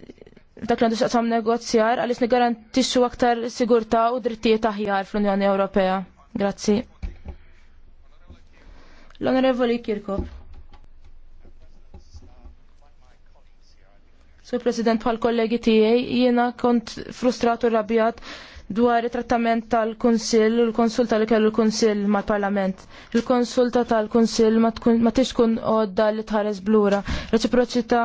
dak li għandu negozjar għaliex nigarantixxu aktar sigurtà u drittijiet aħjar fl-Unjoni Ewropea. Grazzi. L-Onorevoli Kirkop. Sur President bħal kollegi tiegħi jiena kont frustrat u rabjat dwar it-trattament tal-Kunsill u l-konsulta li kellu l-Kunsill mal-Parlament. Il-konsulta tal-Kunsill ma tix kun għodda li tħares blura. Reċiproċità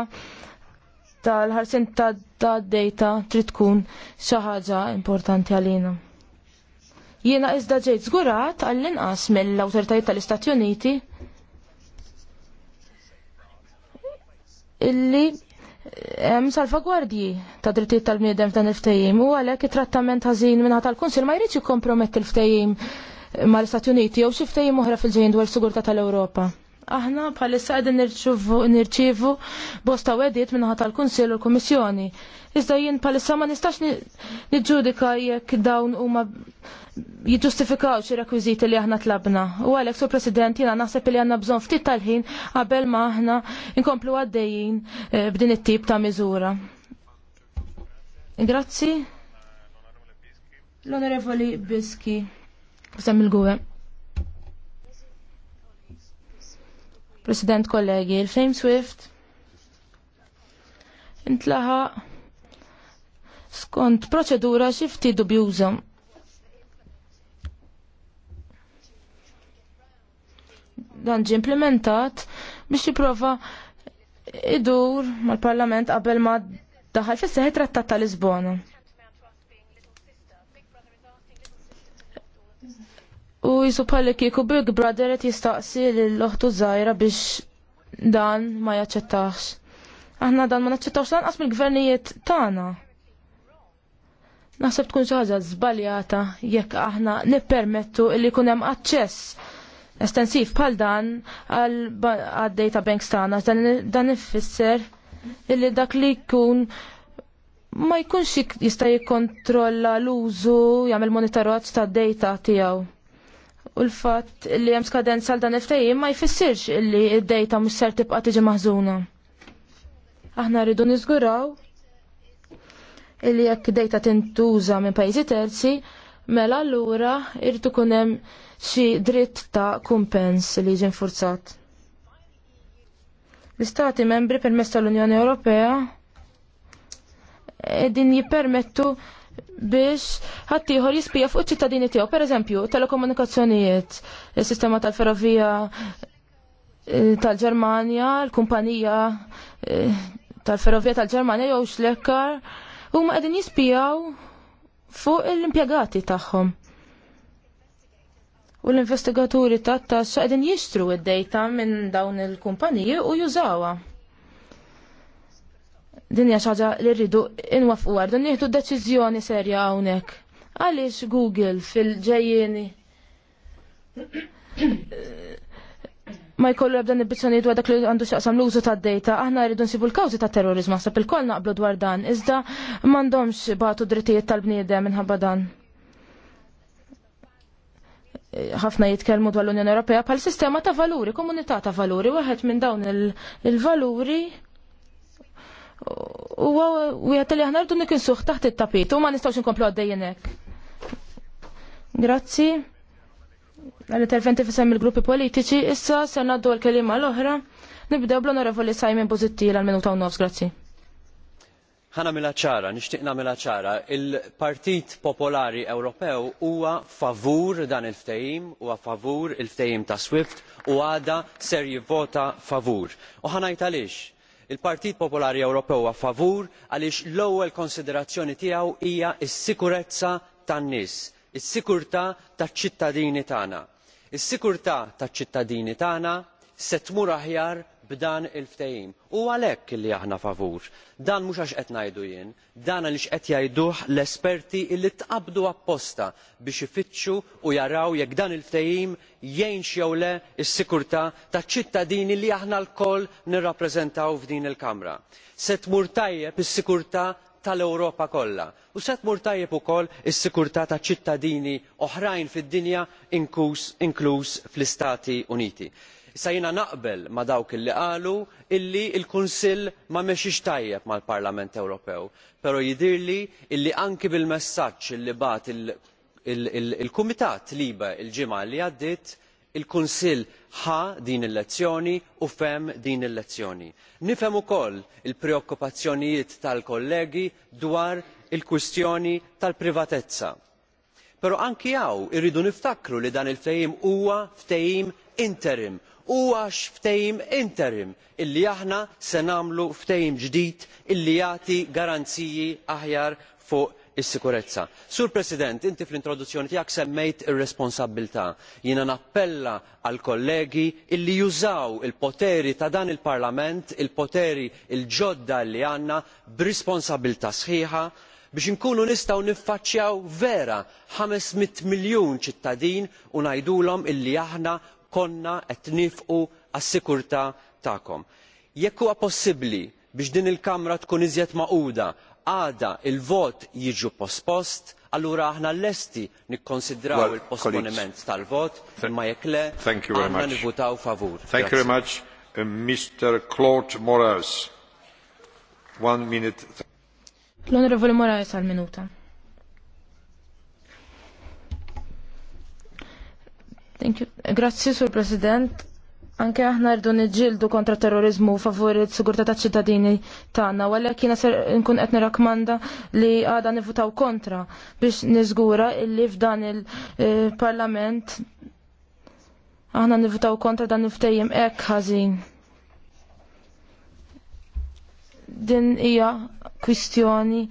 tal-ħarsin ta' data trid tkun xaħġa ħaġa importanti għalina. Jiena iżda ġejt żgurat għall-inqas mill-awtoritajiet tal-Istati Uniti illi hemm salvagwardji ta' drittijiet tal-bniedem f'dan il-ftehim u għalhekk it-trattament ħażin minn tal-Kunsil ma jridx jikkompromett il-ftehim mal-Istati Uniti jew xi ftehim oħra fil-ġejjin dwar sigurtà tal-Ewropa aħna bħalissa qegħdin nirċievu bosta wedit minnaħa tal-Kunsill u l-Kummissjoni. Iżda jien palissa ma nistax niġġudika jekk dawn huma jiġġustifikaw xi rekwiżiti li aħna tlabna. U għalhekk sur President jiena naħseb li għandna bżonn ftit tal-ħin qabel ma aħna nkomplu għaddejjin eh, b'din it-tip ta' miżura. Grazzi. L-Onorevoli Biski. Sam il-gwe. President kollegi, il-Fame Swift intlaħa skont proċedura xi ftit dubjuża. Dan ġi implementat biex jipprova idur mal-Parlament qabel ma daħal fis seħi trattat ta' Lisbona. U jisu palli kiku Big Brother qed jistaqsi l loħtu żgħira biex dan ma jaċċettax. Aħna dan ma naċċettax lanqas mill-gvernijiet tagħna. Naħseb tkun xi ħaġa żbaljata jekk aħna nippermettu li jkun hemm aċċess estensiv bħal dan għal data banks tagħna dan ifisser illi dak li jkun ma jkunx jista' jikkontrolla l-użu jagħmel monitoraġġ tad-data tiegħu. U l-fatt li hemm skadenza għal dan il ma jfissirx illi d-data mhux ser tibqa' tiġi maħżuna. Aħna rridu niżguraw illi jekk dejta tintuża minn pajjiżi terzi, mela allura irtu kunem xi dritt ta' kumpens li jiġi nfurzat. L-Istati membri permess tal-Unjoni Ewropea din jippermettu biex ħaddieħor jispija fuq ċittadini tiegħu, pereżempju telekomunikazzjonijiet, is-sistema tal-ferrovija eh, tal-Ġermanja, l-kumpanija eh, tal-ferrovija tal-Ġermanja jew xlekkar huma qegħdin jispijaw fuq l-impjegati tagħhom. U l-investigaturi tat s qegħdin jixtru id-dejta minn dawn il-kumpaniji u jużawha. Din hija xi ħaġa li rridu inwafqu għar, din nieħdu deċiżjoni serja hawnhekk. Għaliex Google fil-ġejjieni ma jkollu ebda nibbizzjoni dwar dak li għandu xaqsam l-użu ta' data, aħna rridu nsibu l-kawzi ta' terrorizma sab pil koll naqblu dwar dan, iżda mandomx batu drittijiet tal-bniedem minħabba dan. ħafna jitkellmu dwar l-Unjoni Ewropea bħal sistema ta' valuri, komunità ta' valuri, waħed minn dawn il-valuri u għet li ħna rridu suħ taħt it-tapit u ma nistawx nkomplu għaddejjenek. Grazzi l-interventi fissam il-gruppi politiċi, issa se naddu l kelima l-oħra, nibdew bl-onorevoli Simon Pozittil għal-minuta u nofs, grazzi. Ħana mela ċara, nixtieq nagħmilha ċara, il-Partit Popolari Ewropew huwa favur dan il-ftehim, huwa favur il-ftehim ta' Swift u għada ser jivvota favur. U ħana għaliex, il-partit popolari ewropew huwa favur għaliex l-ewwel konsiderazzjoni tiegħu hija s-sikurezza tan-nies is-sikurtà taċ-ċittadini tagħna. Is-sikurtà taċ-ċittadini tagħna se tmur aħjar b'dan il-ftehim. U għalhekk illi aħna favur. Dan mhux għax qed ngħidu jien, dan għaliex qed jgħiduh l-esperti illi tqabdu apposta biex ifittxu u jaraw jekk dan il-ftehim jgħinx jew le s-sikurtà taċ-ċittadini li aħna lkoll nirrappreżentaw f'din il-Kamra. Se tmur tajjeb is-sikurtà tal ewropa kollha u se tmur tajjeb ukoll is-sigurtà ta' ċittadini oħrajn fid-dinja inkluż fl-istati uniti. Issa jiena naqbel ma' dawk illi qalu illi l il kunsill ma mexiex tajjeb mal-Parlament Ewropew, però jidhirli illi anki bil-messaġġ illi bagħat il-Kumitat Libe il-ġimgħa li għaddiet il kunsill ħa din il-lezzjoni u fehem din il-lezzjoni. nifhem ukoll il preokkupazzjonijiet tal kollegi dwar il kwistjoni tal privatezza però anki hawn irridu niftakru li dan il ftehim huwa ftehim interim huwa ftehim interim illi aħna se nagħmlu ftehim ġdid illi jagħti garanziji aħjar fuq is-sikurezza. Sur President, inti fl-introduzzjoni tiegħek semmejt ir-responsabbiltà. Jiena nappella għal kollegi illi jużaw il-poteri ta' dan il-Parlament, il-poteri il-ġodda li għandna b'responsabbiltà sħiħa biex inkunu nistgħu niffaċċjaw vera 500 miljun ċittadin u ngħidulhom illi aħna konna qed nifqu għas-sikurtà tagħkom. Jekk huwa possibbli biex din il-Kamra tkun iżjed maquda għada il-vot jiġu pospost, allura aħna lesti nikkonsidraw well, il-posponiment tal-vot, imma jekk le aħna nivutaw favur. Thank you very much, uh, Mr. Claude One minute. L-Onorevole għal minuta. Thank you. Grazie, Sur President Anke aħna rridu niġġieldu kontra terrorizmu favori s-sigurtà taċ-ċittadini tagħna, u għalhekk jiena ser nkun qed nirakkomanda li għada nivutaw kontra biex niżgura illi f'dan il-Parlament aħna nivutaw kontra dan niftejjem hekk ħażin. Din hija kwistjoni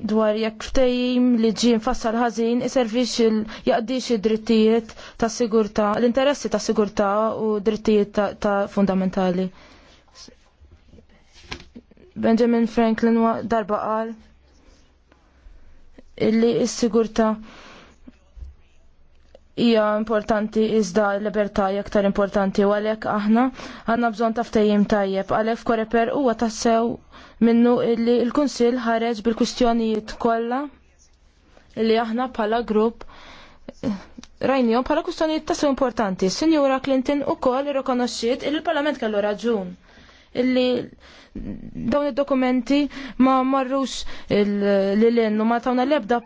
dwar jekk ftejim li ġie nfassal ħażin iservix jaqdix id-drittijiet ta' sigurtà, l-interessi ta' sigurtà u drittijiet ta', ta fundamentali. Benjamin Franklin darba qal illi s-sigurtà hija importanti iżda l-libertà aktar importanti u għalhekk aħna għandna bżonn ta' ftehim tajjeb għalhekk koreper huwa tassew minnu illi l-Kunsill ħareġ bil-kwistjonijiet kollha illi aħna bħala grupp eh, rajnijom bħala kwistjonijiet tassew importanti. Sinjura Clinton ukoll irrikonoxxiet illi l-Parlament kellu raġun illi dawn id-dokumenti ma marrux l-lennu ma tawna lebda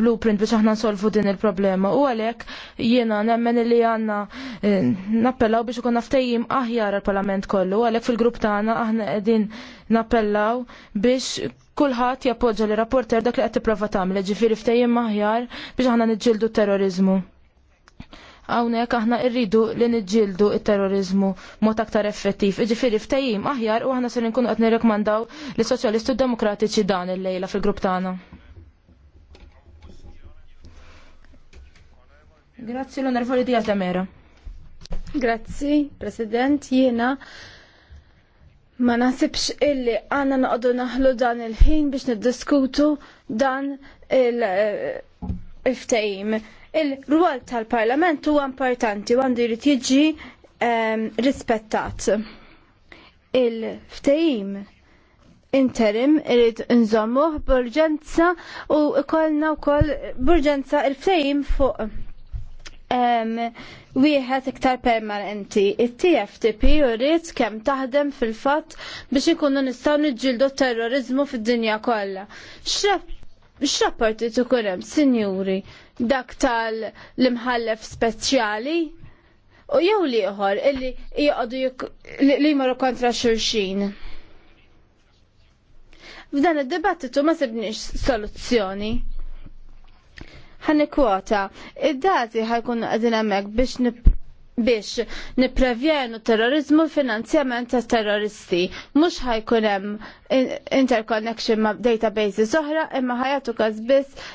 blueprint biex aħna nsolvu din il-problema u għalek jiena nemmen li għanna eh, nappellaw biex ikun ftejjim aħjar il-parlament kollu għalek fil-grupp tagħna aħna qegħdin nappellaw biex kulħadd jappoġġa li rapporter dak li qed tipprova tagħmel ġifieri ftejjim aħjar biex aħna niġġieldu terrorizmu għawnek aħna rridu li niġġieldu il terrorizmu mod aktar effettiv. Iġifiri, ftajim, aħjar u aħna sirin nkunu għatni nirrekmandaw li soċjalisti demokratiċi dan il-lejla fil-grupp tagħna. Grazzi l-onorevoli Diaz Damera. Grazzi, President, jiena ma nasibx illi għanna naqdu naħlu dan il-ħin biex niddiskutu dan il-ftejim il-rwol tal-Parlament huwa importanti u għandu jrid jiġi ehm, rispettat. Il-ftehim interim irid nżommu b'urġenza u ikollna wkoll b'urġenza il-ftehim fuq um, wieħed iktar permanenti. It-TFTP jurid kemm taħdem fil-fatt biex ikunu nistgħu niġġieldu terrorizmu fid-dinja kollha. X'rapporti tkun hemm, sinjuri? dak tal-imħallef speċjali u jew liħor illi jgħodu li jmorru kontra xulxin. F'dan id-dibattitu ma sibniex soluzzjoni. Ħanikwota, id-dati ħajkun għadin hemmhekk biex biex niprevjenu terrorizmu finanzjament ta' terroristi. Mux ħajkun hemm interconnection ma' databases oħra, imma ħajatu biss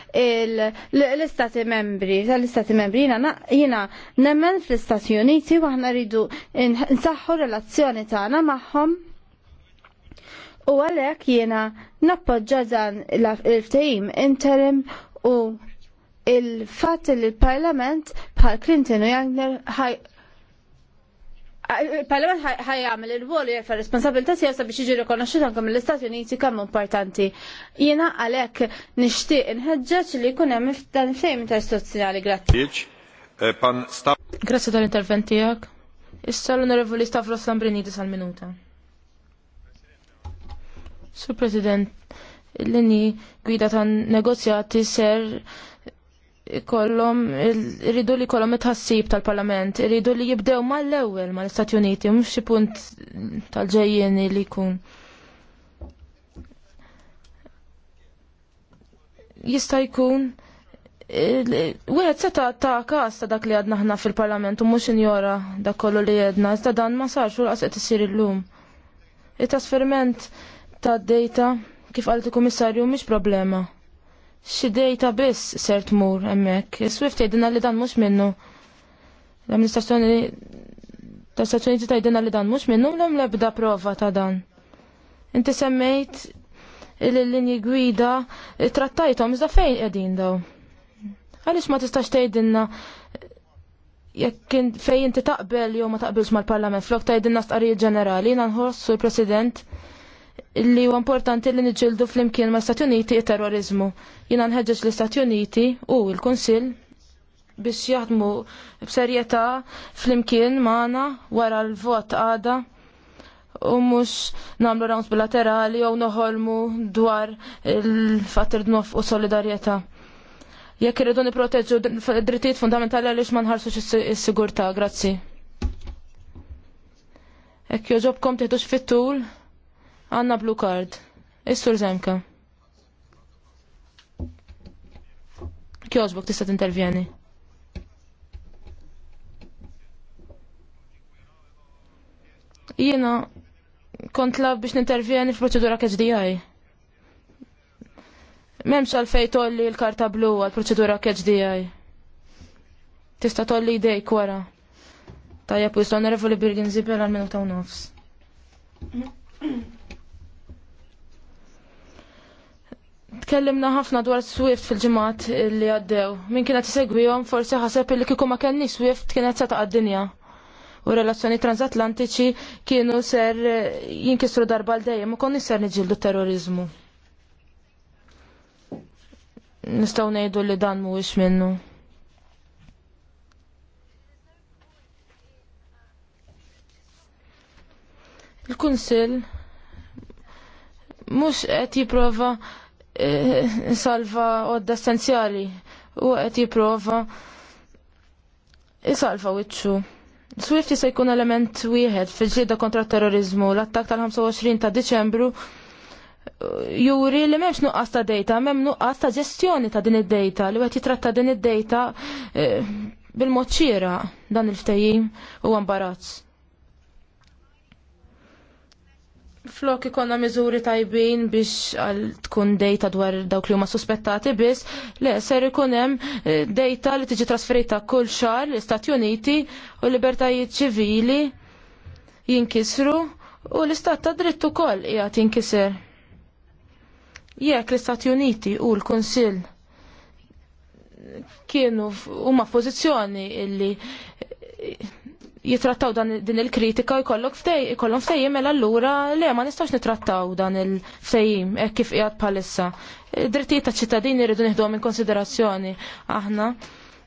l-istati membri. Tal-istati membri jina nemmen fl-Istati Uniti u għahna rridu nsaħħu relazzjoni tagħna magħhom. U għalhekk jiena nappoġġa dan il-ftehim interim u il-fat li l-Parlament bħal Clinton u Jagner il-Parlament ħajjamil il-wol jerfa responsabilta tiegħu sabiex jiġi rikonoxxut għankom l istati Uniti kemm importanti. Jiena għalhekk nixtieq inħeġġeġ li jkun hemm dan fejn interstituzzjonali grazzi. Eh, grazzi tal-intervent tiegħek. Issa l-Onorevoli Stavros Lambrinidis għal-minuta. Sur President, l inni gwida tan negozjati ser kollom, rridu li kollom it-ħassib tal-parlament, rridu li jibdew mal-ewel mal-Istati Uniti, mux xi punt tal-ġejjeni li kun. Jista' jkun Wieħed seta ta' każ ta' dak li għadna ħna fil-parlament u mhux injora dak kollu li għedna, iżda dan ma sarx u laqas qed isir illum. it trasferiment tad data kif qalt il-Kummissarju mhix problema xi dejta biss ser tmur hemmhekk. Swift jgħidilna li dan mhux minnu. L-amministrazzjoni ta' stazzjoni tgħidilna li dan mhux minnu l l-ebda prova ta' dan. Inti semmejt il-linji gwida trattajthom iżda fejn qegħdin daw. Għaliex ma tistax tgħidilna jekk fejn inti taqbel jew ma taqbilx mal-Parlament flok tgħidilna stqarijiet ġenerali, jiena nħossu l-President li huwa importanti li niġġieldu flimkien ma' Stati Uniti e terrorizmu. Jiena nħeġġeġ l istati Uniti u l-Kunsill biex jaħdmu b'serjetà flimkien magħna wara l-vot għada u mhux nagħmlu rounds bilaterali jew noħolmu dwar il-fatter dnof u solidarjetà. Jekk irridu niproteġġu drittijiet fundamentali għaliex ma nħarsux is-sigurtà, grazzi. Ekk joġobkom teħdux fit-tul. Għanna blue card. Istur Zemka. Kjozbuk tista' tintervjeni. Jena, kont lab biex f f'proċedura KHDI. Memx għalfej tolli l-karta blu għal-proċedura KHDI. Tista tolli idej kwara. Tajja, pwis l-onorevoli Birgin Zibel għal-minuta u nofs. Tkellimna ħafna dwar Swift fil-ġimgħat li għaddew. Min kienet segwihom forsi ħaseb li kieku ma kenni Swift kienet seta' għad dinja U relazzjoni transatlantiċi kienu ser eh, jinkisru darba l dejjem u konni ser niġildu terrorizmu. Nistgħu ngħidu li dan mhuwiex minnu. Il-Kunsill mhux qed jipprova Eh, salva għodda essenzjali u qed jipprova isalva wiċċu. Swift se jkun element wieħed fil ġieda kontra terrorizmu l-attak tal-25 ta' Diċembru eh, juri li memx nuqqas ta' dejta, mem nuqqas ta' ġestjoni ta' din id-dejta, li għet jitratta din id-dejta eh, bil moċira dan il ftajim u għambarazz. Flok ikonna miżuri tajbin biex tkun dejta dwar dawk li huma suspettati biss, le ser ikun hemm eh, dejta li tiġi trasferita kull xar l-Istati Uniti u l-libertajiet ċivili jinkisru u l-istat ta' dritt ukoll qiegħed jinkiser. Jekk l-Istati Uniti u l-Kunsill kienu huma pozizjoni illi jitrattaw dan din il-kritika jkollok ftej, jkollhom ftejjim mela allura le ma nistax nitrattaw dan il-ftejjim hekk kif qiegħed bħalissa. Drittijiet ta' ċittadini jridu nieħduhom in konsiderazzjoni aħna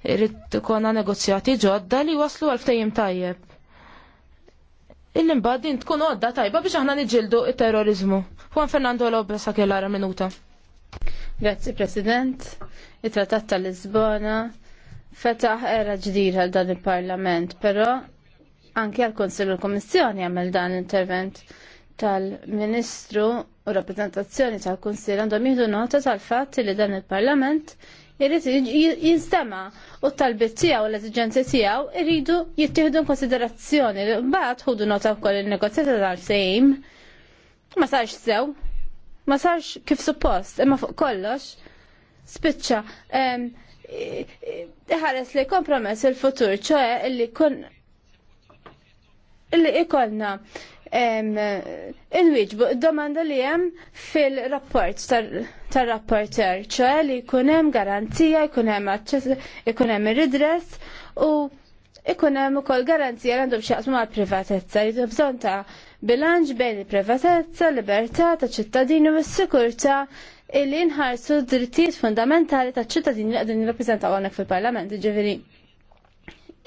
jrid konna negozjati ġodda li waslu għal ftejjim tajjeb. Il-limbad din tkun għodda tajba biex aħna niġildu il-terrorizmu. Juan Fernando Lopez Aguilar minuta. Grazzi President, it-Trattat tal-Lisbona fetaħ era ġdid għal dan il-Parlament, però anke għal konsil u l-Komissjoni għamil dan l-intervent tal-Ministru u rappresentazzjoni tal konsil għandhom jieħdu nota tal-fatt li dan il-Parlament irrid jinstema u tal-bit tiegħu l-eżiġenzi tiegħu irridu jittieħdu konsiderazzjoni li mbagħad hudu nota wkoll in-negozjata tal-sejm. Ma sarx sew, ma sarx kif suppost, imma fuq kollox, spiċċa, ħares li kompromess il-futur, ċoħe li kun illi ikolna il id domanda li jem fil-rapport tal-rapporter, ċoħe li jkunem garanzija, jkunem jkunem ridress u jkunem u kol garanzija għandhom xaqsmu għal privatezza, li bżon ta' bilanġ bejn il-privatezza, libertà ta' ċittadini u s-sikurta illi nħarsu drittijiet fundamentali ta' ċittadini li għadin rappresentaw għonek fil-parlament, ġeveri.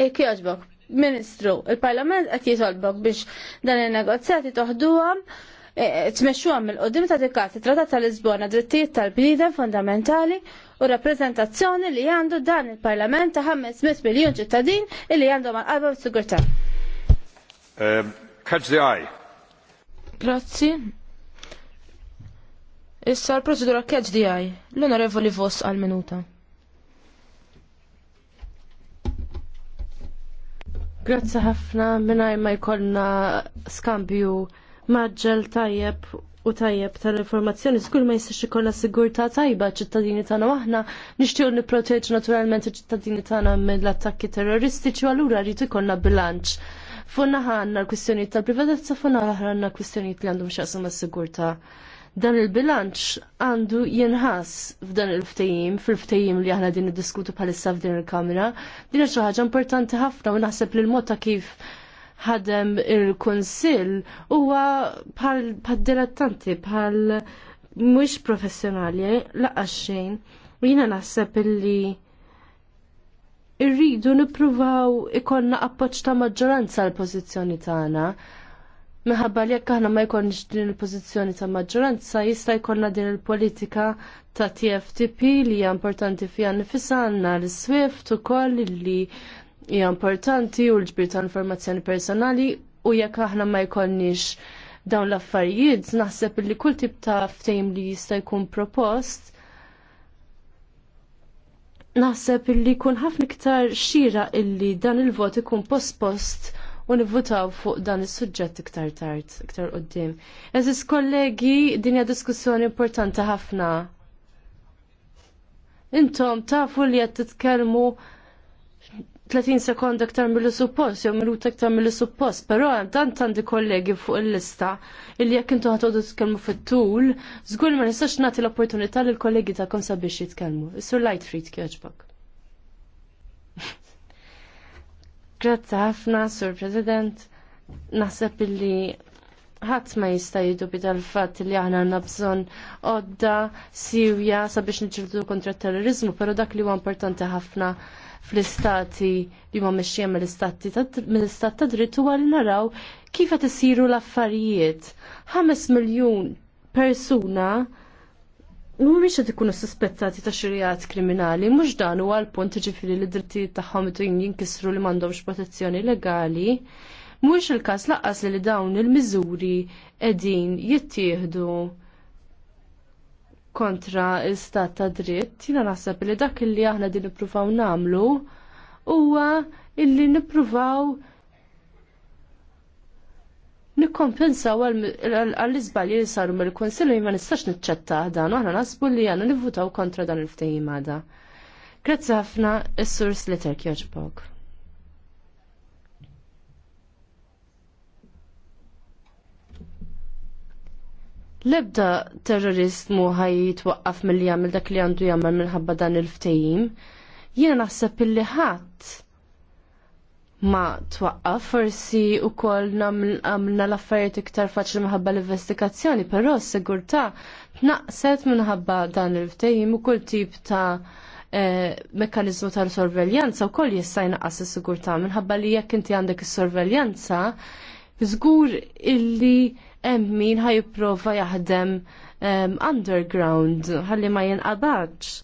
Ikki oġbok. Ministru, il-Parlament qed jitolbok biex dan il-negozjati toħduhom e, tmexxuhom mill-qudiem ta' dikati it tal-Lisbona drittijiet tal-bniedem fundamentali u rappreżentazzjoni li għandu dan il-Parlament ta' 500 miljun ċittadin li għandhom għal-qalba sigurtà. Um, catch the eye. Grazzi. Issa l-proċedura catch the eye. L-onorevoli Voss għal-minuta. Grazzi ħafna minnaj ma jkollna skambju maġġel tajjeb u tajjeb tal-informazzjoni skull ma jistax ikollha sigurtà tajba ċittadini tagħna aħna nixtiequ nipproteġu naturalment iċ-ċittadini tagħna mill-attakki terroristiċi u allura rrid ikollna bilanċ. Funna ħanna l-kwistjonijiet tal-privatezza, funna ħanna l-kwistjonijiet li għandhom x'jaqsmu mas-sigurtà. Dan il-bilanċ għandu jenħas f'dan il-ftejim, fil-ftejim li aħna din diskutu bħalissa f'din il-kamra. Din xi ħaġa importanti ħafna u naħseb li l-mod ta' kif ħadem il-konsil huwa bħal dilettanti, bħal mhux professjonali, eh? laqax xejn. Jiena naħseb li irridu nippruvaw ikollna appoġġ ta' maġġoranza l-pożizzjoni tagħna Minħabba li jekk aħna ma jkollniex din il-pożizzjoni ta' maġġoranza jista' jkollna din il-politika ta' TFTP li hija importanti fiha nifisha għandna l-Swift ukoll li hija importanti u l-ġbir ta' informazzjoni personali u jekk aħna ma jkollniex dawn l-affarijiet naħseb li kull tip ta' ftehim li jista' jkun propost naħseb illi kun ħafna iktar xira illi dan il-vot ikun post u nivvutaw fuq dan is-suġġett iktar tard, iktar qoddim. Eżis kollegi, dinja diskussjoni importanti ħafna. Intom tafu li qed titkellmu 30 sekonda aktar mill suppost, jew minuta aktar mill suppost, però għem tant għandi kollegi fuq il-lista illi jekk intu ħatgħodu titkellmu fit-tul, żgur ma nistax nagħti l-opportunità lill kollegi tagħkom sabiex jitkellmu. Is-sur Lightfried kieġbak. Grazzi ħafna, Sur President. Naħseb illi ħadd ma jista' jidubi tal-fatt li aħna għandna bżonn għodda sirja sabiex niġġieldu kontra t terrorizmu, però dak li huwa importanti ħafna fl-istati li huma mexxija mill-istati mill-istat ta' dritt huwa li naraw kif qed isiru l-affarijiet. 5 miljun persuna mhumiex qed ikunu suspettati ta' xirjat kriminali, mhux dan huwa l-punt iġifieri li drittijiet tagħhom jinkissru li m'għandhomx protezzjoni legali. Mhux il-każ laqqas li dawn il-miżuri qegħdin jittieħdu kontra l-istat ta' dritt, jiena naħseb li dak li aħna din nippruvaw nagħmlu huwa illi nippruvaw nikkompensaw għall-izbalji li saru mill-Konsilju ma nistax niċċetta dan uħna nasbu li għandna nivvutaw kontra dan il-ftehim għada. Grazzi ħafna s sur Sliter terkjoġbog. L-ebda terrorist mu ħaj jitwaqqaf mill-li jagħmel dak li għandu jagħmel minħabba dan il-ftehim. Jiena naħseb illi ħadd ma twaqqa forsi u kol namna l-affarijiet iktar faċli minħabba l-investigazzjoni, però s-sigurtà tnaqset minħabba dan il-ftehim u kull tip ta' eh, mekanizmu ta' sorveljanza u kol jissaj naqas s-sigurtà minħabba li jekk inti għandek is-sorveljanza, żgur illi hemm min jipprova jaħdem eh, underground ħalli ma jinqabadx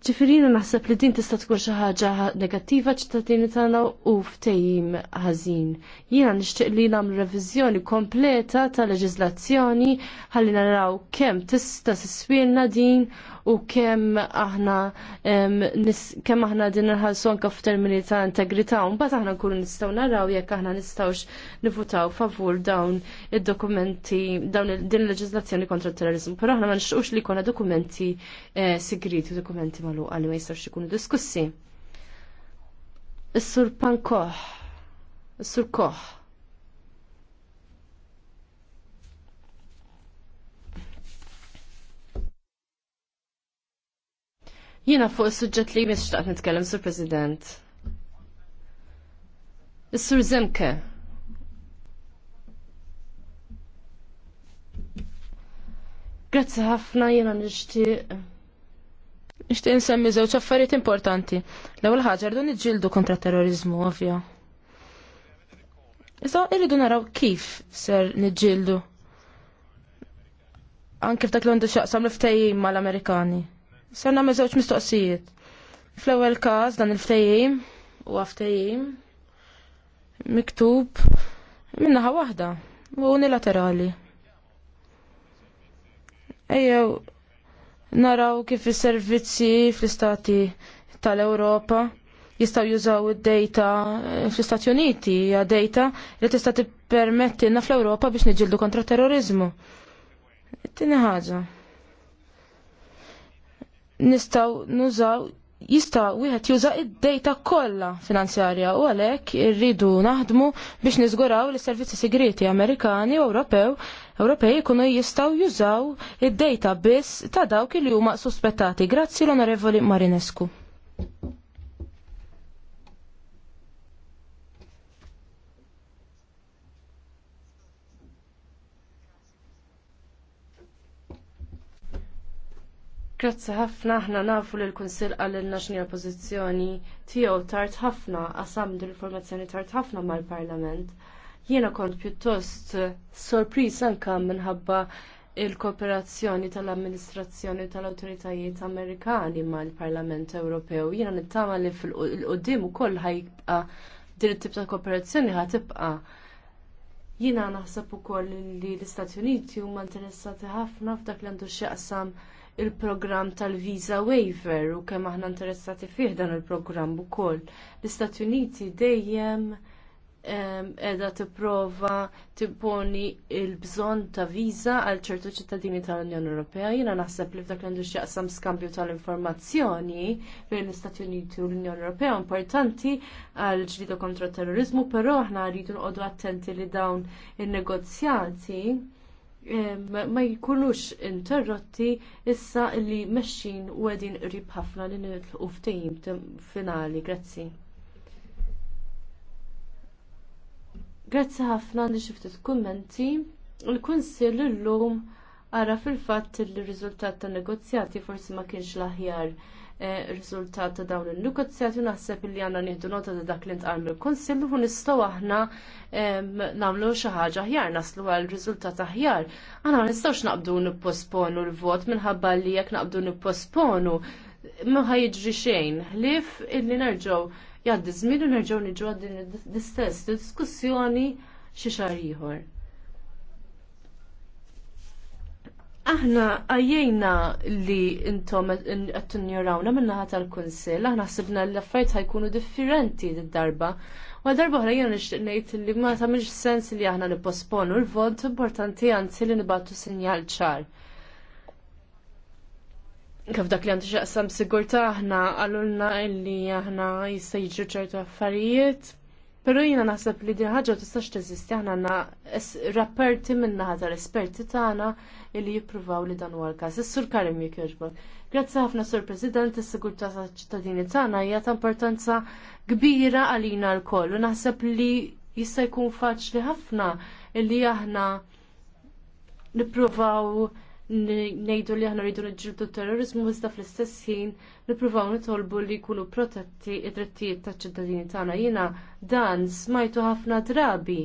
ċifirina naħseb li din tista' tkun xi ħaġa negattiva ċittadini tagħna u ftehim ħażin. Jiena nixtieq li nagħmel reviżjoni kompleta ta' leġiżlazzjoni ħalli naraw kemm tista' tiswilna din u kemm aħna kemm aħna din nħallsu anke f'termini ta' integrità u mbagħad aħna nkunu nistgħu naraw jekk aħna nistgħux nivutaw favur dawn id-dokumenti dawn din il-leġiżlazzjoni kontra t-terrorizmu. Però aħna ma nixtiequx li jkollna dokumenti eh, segreti u dokumenti magħluqa għal ma jistax ikunu diskussi. Is-sur Pankoh, is-sur Koh. Jiena fuq is-suġġett li jmiss nitkellem, Sur President. Is-sur Zemke. Grazzi ħafna jiena nixtieq Nixtieq insemmi żewġ affarijiet importanti. L-ewwel ħaġa rridu niġġieldu kontra terrorizmu ovvja. Iżda irridu naraw kif ser niġġieldu. Anke f'dak l-għandu xaqsam l-ftejjim mal-Amerikani. Ser nagħmel żewġ mistoqsijiet. Fl-ewwel każ dan il-ftejjim u ftejjim miktub minnaħa waħda u unilaterali. Ejjew naraw kif is-servizzi fl-istati tal-Ewropa jistaw jużaw id-data eh, fl-Istati Uniti hija data li tista' tippermettilna fl-Ewropa biex niġildu kontra terrorizmu. Tieni ħaġa. Nistaw nużaw jista' wieħed juża id-data kollha finanzjarja u għalhekk irridu naħdmu biex niżguraw li servizzi segreti Amerikani u Ewropew Ewropej ikunu jistaw jużaw id-data biss ta' dawk li huma suspettati. Grazzi l-Onorevoli Marinescu. Grazzi ħafna ħna nafu li l-Kunsil għallilna l pozizjoni tiegħu tard ħafna qasam l informazzjoni tard ħafna mal-Parlament. Jiena kont pjuttost sorpriż anke minħabba il-kooperazzjoni tal-amministrazzjoni tal-autoritajiet Amerikani mal-Parlament Ewropew. Jiena nittama li fil-qoddim ukoll ħajbqa' din it-tip ta' kooperazzjoni ħatibqa' Jiena naħseb ukoll li l-Istati Uniti huma interessati ħafna f'dak li għandu x'jaqsam il-programm tal-Visa Waiver u kemm aħna interessati fih dan il-programm ukoll. L-Istati Uniti dejjem edha tipprova poni l-bżonn ta' viza għal ċertu ċittadini tal-Unjoni Ewropea. Jiena naħseb li f'dak l-għandu jaqsam skambju tal-informazzjoni bejn l-Istati Uniti u l-Unjoni Ewropea importanti għal ġlieda kontra t terrorizmu, però aħna rridu nqogħdu attenti li dawn in-negozjati ma jkunux interrotti issa li mexxin u għedin qrib ħafna li nitlqu finali. Grazzi. Grazzi ħafna li xifti ftit kummenti. Il-Kunsill illum ara fil-fatt l rizultat riżultat tan negozjati forsi ma kienx l-aħjar eh, riżultat ta' dawn il-negozjati naħseb li għandna nieħdu nota ta' dak li ntqal mill-Kunsill u nistgħu aħna nagħmlu xi ħaġa aħjar naslu għal riżultat aħjar. Aħna ma nistgħux naqbdu nipposponu l-vot minħabba li jekk naqbdu nipposponu ma ħajġri xejn ħlief illi nerġgħu jaddi żmien u nerġgħu niġu għaddin l-istess diskussjoni xi xahar ieħor. Aħna għajjena li intom qed tinjorawna min-naħa tal-Kunsill, aħna ħsibna li l-affarijiet ħajkunu differenti d-darba. għad darba ħra jena nixtieq ngħid li ma tagħmilx sens li aħna nipposponu l-vot importanti anzi li nibattu sinjal ċar kif dak li għandu xaqsam sigurta aħna għallulna illi aħna jistajġu ċertu affarijiet. Pero jina naħseb li din ħaġa tistax teżisti aħna għandna rapperti minna l esperti tagħna illi jippruvaw li dan huwa l-każ. Is-Sur Karim jikirġbok. Grazzi ħafna Sur President, s sigurtà ta' ċittadini tagħna hija ta' importanza kbira għalina l-koll u naħseb li jista' jkun faċli ħafna illi aħna nippruvaw ngħidu li aħna rridu nġildu terrorizmu iżda fl-istess ħin nippruvaw nitolbu li jkunu protetti id-drittijiet taċ-ċittadini tagħna. Jiena dan smajtu ħafna drabi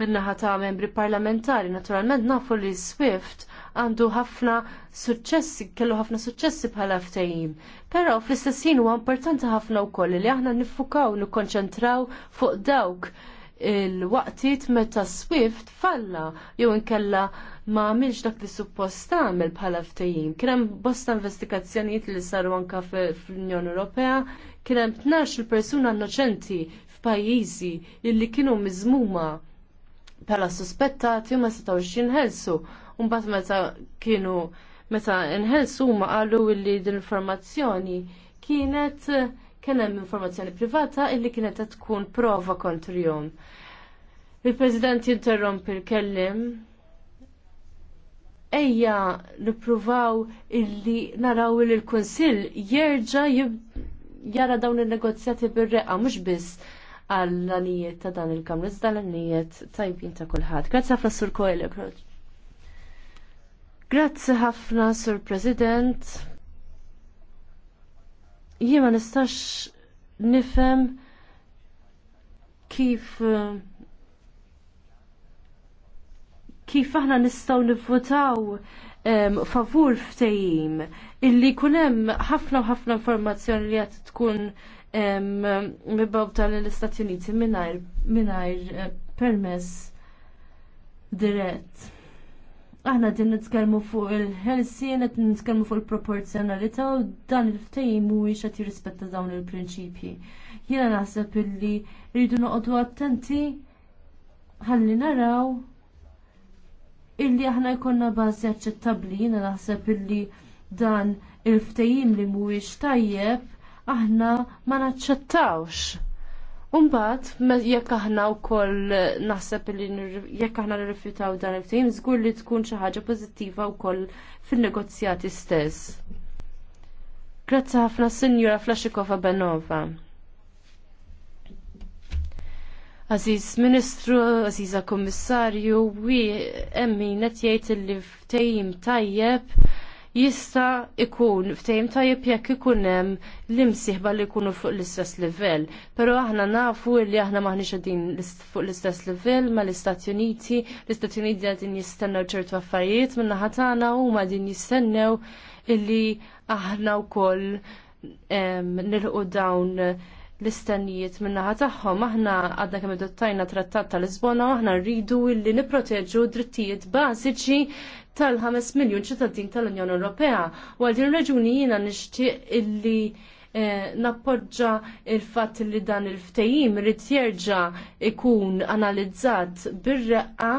min-naħa ta' membri parlamentari. Naturalment nafu li Swift għandu ħafna suċċessi, kellu ħafna suċċessi bħala ftehim. Però fl-istess ħin huwa importanti ħafna wkoll li aħna niffukaw nikkonċentraw fuq dawk il-waqtiet meta Swift falla jew inkella ma għamilx dak li suppost għamil bħala ftejjim. Kien hemm bosta investigazzjonijiet li saru anka fl-Unjoni Ewropea, kien hemm tnax il-persuna innoċenti f'pajjiżi illi kienu miżmuma bħala suspettati u ma setgħux jinħelsu. Mbagħad meta kienu meta nħelsu huma qalu illi din l-informazzjoni kienet kien hemm informazzjoni privata illi kienet tkun prova kontrihom. Il-President jinterrompi il-kellim ejja nipruvaw illi naraw li l-Kunsill jerġa' jara dawn il-negozjati bir-reqa mhux biss għall-anijiet ta' dan il-kamra, iżda l-anijiet tajbin ta' kulħadd. Grazie ħafna Sur Koele. Grazzi ħafna Sur President. Jiema nistax nifhem kif uh, kif aħna nistgħu nivvotaw um, favur ftejim, illi kunem hemm ħafna u ħafna informazzjoni li qed tkun um, mibawta istati Uniti mingħajr mingħajr eh, permess dirett aħna din nitkellmu fuq il-ħelsien qed nitkellmu fuq il-proporzjonalità u dan il-ftehim mhuwiex qed jirrispetta dawn il-prinċipji. Jiena naħseb illi rridu noqogħdu attenti ħalli naraw illi aħna jkollna bażi aċċettabbli jiena naħseb illi dan il-ftehim li mhuwiex tajjeb aħna ma naċċettawx. Umbat, jekk aħna wkoll naħseb li jekk aħna nirrifjutaw dan il-ftehim, żgur li tkun xi ħaġa pożittiva wkoll fin-negozjati stess. Grazzi ħafna Sinjura Flashikova Benova. Aziz Ministru, Aziza Komissarju, wi emmi qed jgħid illi ftejim tajjeb jista' ikun ftejim tajjeb jekk ikun hemm l-imsieħba li jkunu fuq l-istess livell. Però aħna nafu li aħna maħniex qegħdin fuq l-istess livell ma l-Istati Uniti, l-Istati Uniti qegħdin jistennew ċertu affarijiet minn naħa tagħna huma qegħdin jistennew illi aħna wkoll nilqu dawn l-istennijiet min-naħa tagħhom aħna għadna kemm idottajna trattat tal-Lisbona aħna rridu illi nipproteġu drittijiet bażiċi tal-5 miljun ċittadin tal-Unjoni Ewropea. U għal din raġuni jiena nixtieq illi eh, nappoġġa il-fatt li dan il-ftehim irid jerġa' ikun analizzat bir-reqqa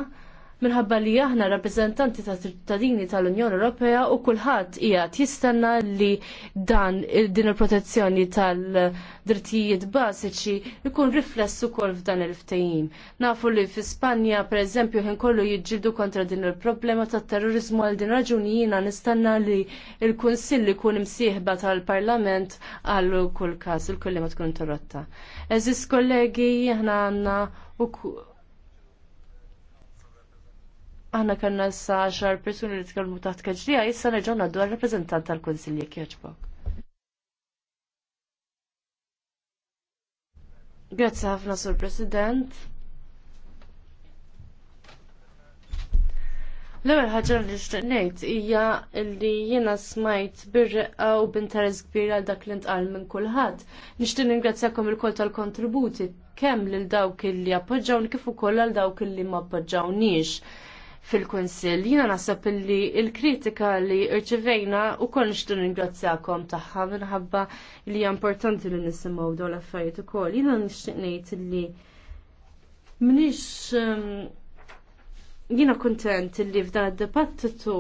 minħabba li aħna rappreżentanti ta' ċittadini tal-Unjoni Ewropea u kulħadd qiegħed jistenna li dan din il-protezzjoni tal-drittijiet bażiċi jkun rifless ukoll f'dan il-ftehim. Nafu li f'Ispanja pereżempju ħin kollu jiġġieldu kontra din il-problema tat-terrorizmu għal din raġuni jiena nistenna li l-Kunsill ikun imsieħba tal-Parlament għal kull każ il-kull ma tkun interrotta. Eżis kollegi aħna għandna Għanna kanna sa xar persuni li tkellmu taħt keġdija, issa nerġgħu d għal-rappreżentant tal-Kunsilli kieġbok. Grazzi ħafna, Sur President. L-ewwel ħaġa li nixtieq ngħid hija li jiena smajt bir-reqqa u b'interess kbir għal dak li ntqal minn kulħadd. Nixtieq ningrazzjakom il-kol tal-kontributi kemm lil dawk li appoġġawni kif ukoll għal dawk li ma appoġġawniex fil-Kunsill. Jiena naħseb illi il-kritika li rċivejna u koll nixtu ringrazzjakom tagħha minħabba li hija importanti li nisimgħu dawn l-affarijiet ukoll. Jiena nixtieq ngħid illi m'iniex ehm, jiena kontent li f'dan id-dibattitu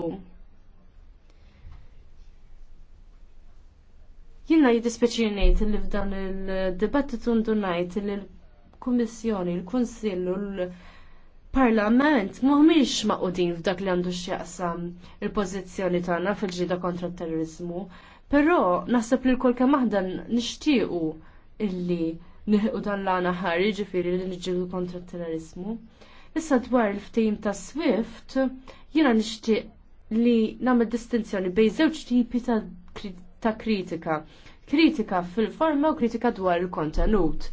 Jina jidispeċinejt li f'dan il-dibattitu ndunajt li l-Kummissjoni, l u l-Konsillu parlament muhmiex maqudin f'dak li għandu x'jaqsam il-pożizzjoni tagħna fil-ġida kontra t-terrorizmu, però naħseb li l-kol kemm aħna nixtiequ illi nieħu dan l-għana ħar, jiġifieri li niġġieldu kontra t-terrorizmu. Issa dwar il-ftehim ta' Swift, jiena nixtieq li nagħmel distinzjoni bejn żewġ tipi ta' kritika. Kritika fil-forma u kritika dwar il-kontenut.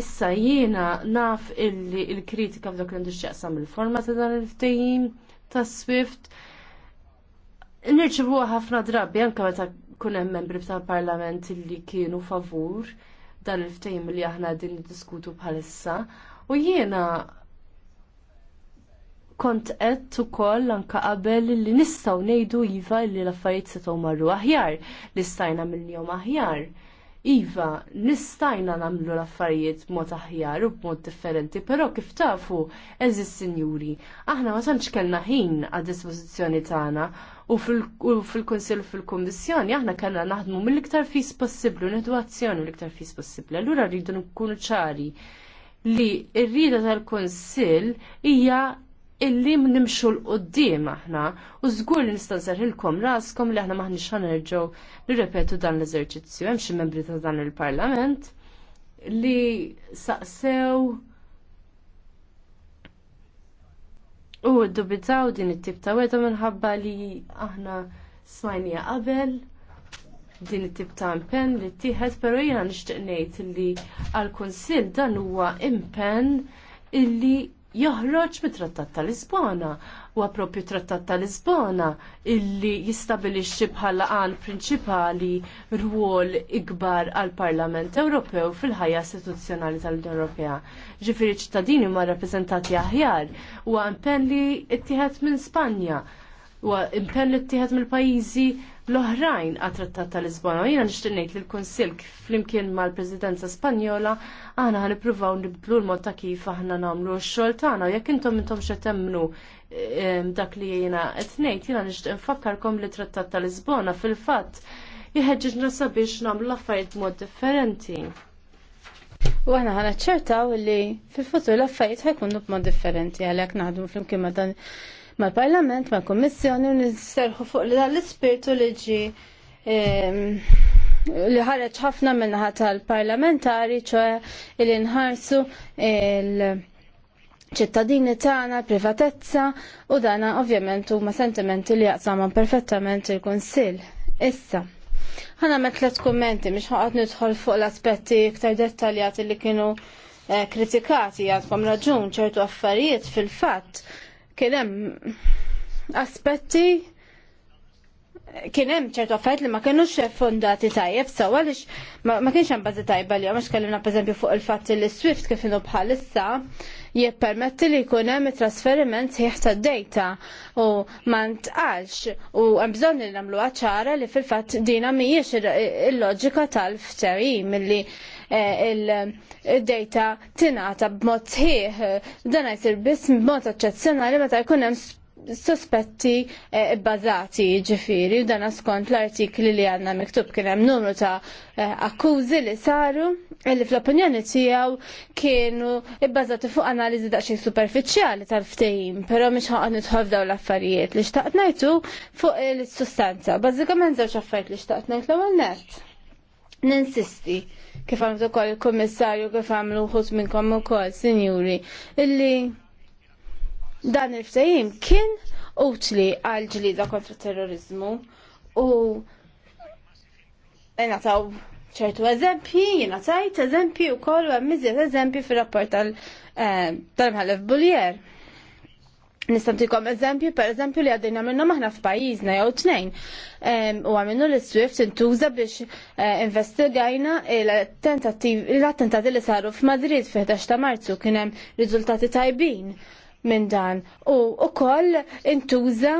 Issa jiena naf illi il-kritika f'dak li xaqsam il-forma ta' dan il-ftehim ta' Swift. Nirċivuha ħafna drabi anke meta kun hemm membri tal-Parlament illi kienu favur dan il-ftehim li aħna din diskutu bħalissa. U jiena kont qed ukoll anke qabel li nistgħu ngħidu iva li l-affarijiet setgħu marru aħjar li stajna minnhom aħjar. Iva, nistajna namlu l-affarijiet mod aħjar u b'mod differenti, però kif tafu, eżis sinjuri, aħna ma tantx kellna ħin għad dispożizzjoni tagħna u fil-Kunsill u fil-Kummissjoni aħna kellna naħdmu mill-iktar fis possibbli u edwazzjoni l-iktar fis possibbli. Allura rridu nkunu ċari li r-rida tal-Kunsill hija illi nimxu l-qoddim aħna u żgur li nista' ilkom raskom li aħna maħniex ħanerġgħu nirrepetu dan l-eżerċizzju. Hemm xi membri ta' dan il-Parlament li saqsew u ddubitaw din it-tip ta' weda minħabba li aħna smajnija qabel din it-tip ta' impenn li tieħed però jiena nixtieq ngħid li għall kunsill dan huwa impenn illi joħroġ mit-Trattat ta' Lisbona u għapropju Trattat tal Lisbona illi jistabilixxi bħala għan prinċipali rwol ikbar għal Parlament Ewropew fil-ħajja istituzzjonali tal-Unjoni Ewropea. Ġifiri ċittadini ma' rappresentati aħjar u għan li ittieħed minn Spanja u impenn li mill-pajjiżi l-oħrajn għat-trattat tal-Lisbona. Jiena nixtieq nishtinnejt li l-Kunsill flimkien mal-Presidenza Spanjola aħna ipruvaw nibdlu l-mod ta' kif aħna nagħmlu x-xogħol tagħna jekk intom intom x'etemnu ehm, dak li jiena qed ngħid jiena nixtieq li trattat tal-Lisbona fil-fatt jħedġiġ sabiex nagħmlu l-affarijiet mod differenti. U għana għana ċertaw li fil-futur l-affarijiet ħajkunu b'mod differenti għalhekk naħdmu flimkien ma' dan mal-Parlament, mal-Kommissjoni u nisterħu fuq li dal-ispirtu li ġi li ħareġ ħafna minnaħa tal-parlamentari, ċoħe li nħarsu il-ċittadini tagħna privatezza u dana ovvjament huma sentimenti li jaqsamhom perfettament il-Kunsill. Issa, ħana me tlet kommenti, miex ħaqat nidħol fuq l-aspetti iktar dettaljati li kienu eh, kritikati għadkom raġun ċertu affarijiet fil-fatt kien hemm aspetti kien hemm ċertu affarijiet li ma kinux fondati tajjeb sew għaliex ma kienx hemm bażi tajba li għax kellimna pereżempju fuq il-fatt li Swift kif inhu bħalissa jippermetti li jkun hemm it-trasferiment sħiħ tad-dejta u ma ntqalx u hemm bżonn li nagħmluha ċara li fil-fatt dina mhijiex il-loġika tal-ftehim milli Eh, il-data tingħata b'mod sħiħ dan jsir biss b'mod eċċezzjonali meta jkun hemm sospetti eh, bbażati ġifiri u dan skont l-artikli li għandna miktub kien hemm numru ta' eh, akkużi li saru li fl-opinjoni tiegħu kienu bbażati fuq analiżi daqsxejn superfiċjali tal-ftehim, però mhix ħaqgħod nidħol dawn l-affarijiet li xtaqt ngħidu fuq il-sustanza. Bażikament żewġ affarijiet li xtaqt ngħid l-ewwel nett. Ninsisti kif għamlu ukoll il-Kummissarju kif għamlu minn minnkom ukoll, Sinjuri, illi dan il-ftajim kien utli għal ġlida kontra terrorizmu u taw ċertu eżempji, jena tajt eżempji u kollu għemmizjet eżempji fil-rapport eh, tal-mħallef Buljer. Nistantikom eżempju, per eżempju li għaddejna minnu maħna f'pajjiżna jew tnejn. U għamennu li Swift intuża biex eh, investigajna l-attentati li saru f'Madrid f'11 ta' Marzu kien hemm riżultati tajbin minn dan. U wkoll intuża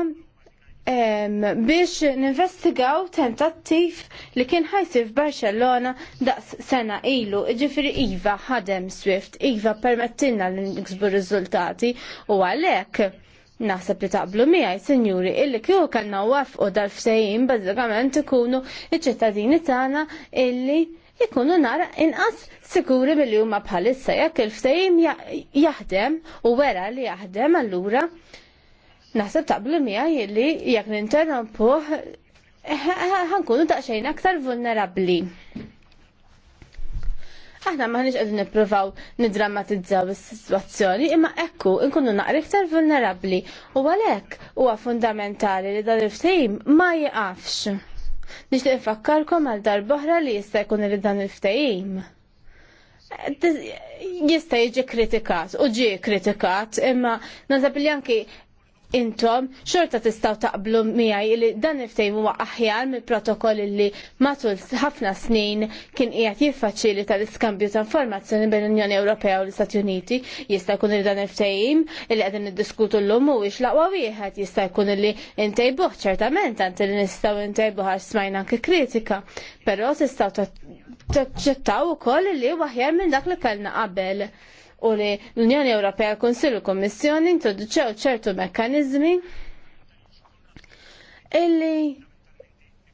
biex ninvestigaw tentattiv li kien ħajsi f'Barcellona daqs sena ilu. Ġifiri Iva ħadem Swift, Iva permettilna li niksbu riżultati u għalek. Naħseb li taqblu miħaj, senjuri, illi kieku kellna wafqu dal fsejim bażikament ikunu iċ-ċittadini tagħna illi ikunu nara inqas sikuri milli huma bħalissa jekk il fsejim jaħdem u wera li jaħdem allura Naħseb taqblu miegħi li jekk ninterrompuh eh, ħankunu daqsxejn aktar vulnerabbli. Aħna maħniġ għedin niprofaw nidrammatizzaw is-sitwazzjoni, imma ekku nkunu naqra iktar vulnerabli u għalhekk huwa fundamentali li dan il-ftehim ma jiqafx. Nixtieq infakkarkom għal darb'oħra li jista' jkun li dan il-ftehim. Jista' jiġi kritikat u ġie kritikat, imma nasab li anki intom xorta tistaw taqblu miegħi li dan il huwa aħjar mill-protokoll li matul ħafna snin kien qiegħed jiffaċilita tal-iskambju ta' informazzjoni bejn l-Unjoni Ewropea u l-Istati Uniti. Jista' jkun li dan il li qegħdin niddiskutu llum mhuwiex laqwa wieħed jista' jkun li ntejbuh ċertament għandi li nistgħu ntejbuh għax smajna anke kritika, però tistgħu taċċettaw ukoll li waħjar minn dak li kellna qabel u li l-Unjoni Ewropea l-Konsil u Kommissjoni introduċew ċertu mekkanizmi illi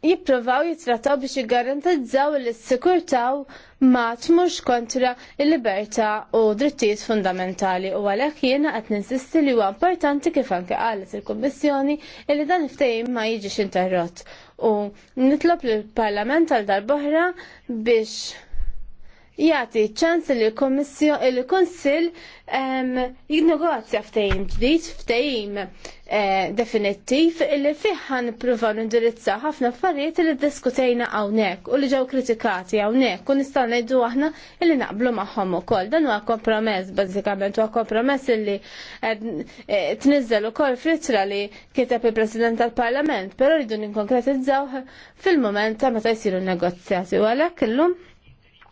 jipprovaw jitrataw biex jiggarantizzaw li s-sikurtaw ma tmurx kontra il-libertà u drittijiet fundamentali u għalhekk jena qed ninsisti li huwa importanti kif anke qalet il-Kummissjoni illi dan iftehim ma jiġix interrott u nitlob lill-Parlament għal darbohra biex jagħti ċans li eh, l-Kunsill ehm, jinnegozja f'tejim ġdid, ftehim eh, definittiv illi fiħan nippruvaw indirizza ħafna affarijiet li ddiskutejna hawnhekk u li ġew kritikati hawnhekk u nistgħu ngħidu aħna illi naqblu magħhom ukoll. Dan huwa kompromess bażikament huwa kompromess illi eh, tniżżel ukoll fritra li kiteb il-President tal-Parlament, però rridu ninkonkretizzaw fil-moment ta' meta jsiru negozjati u għalhekk illum.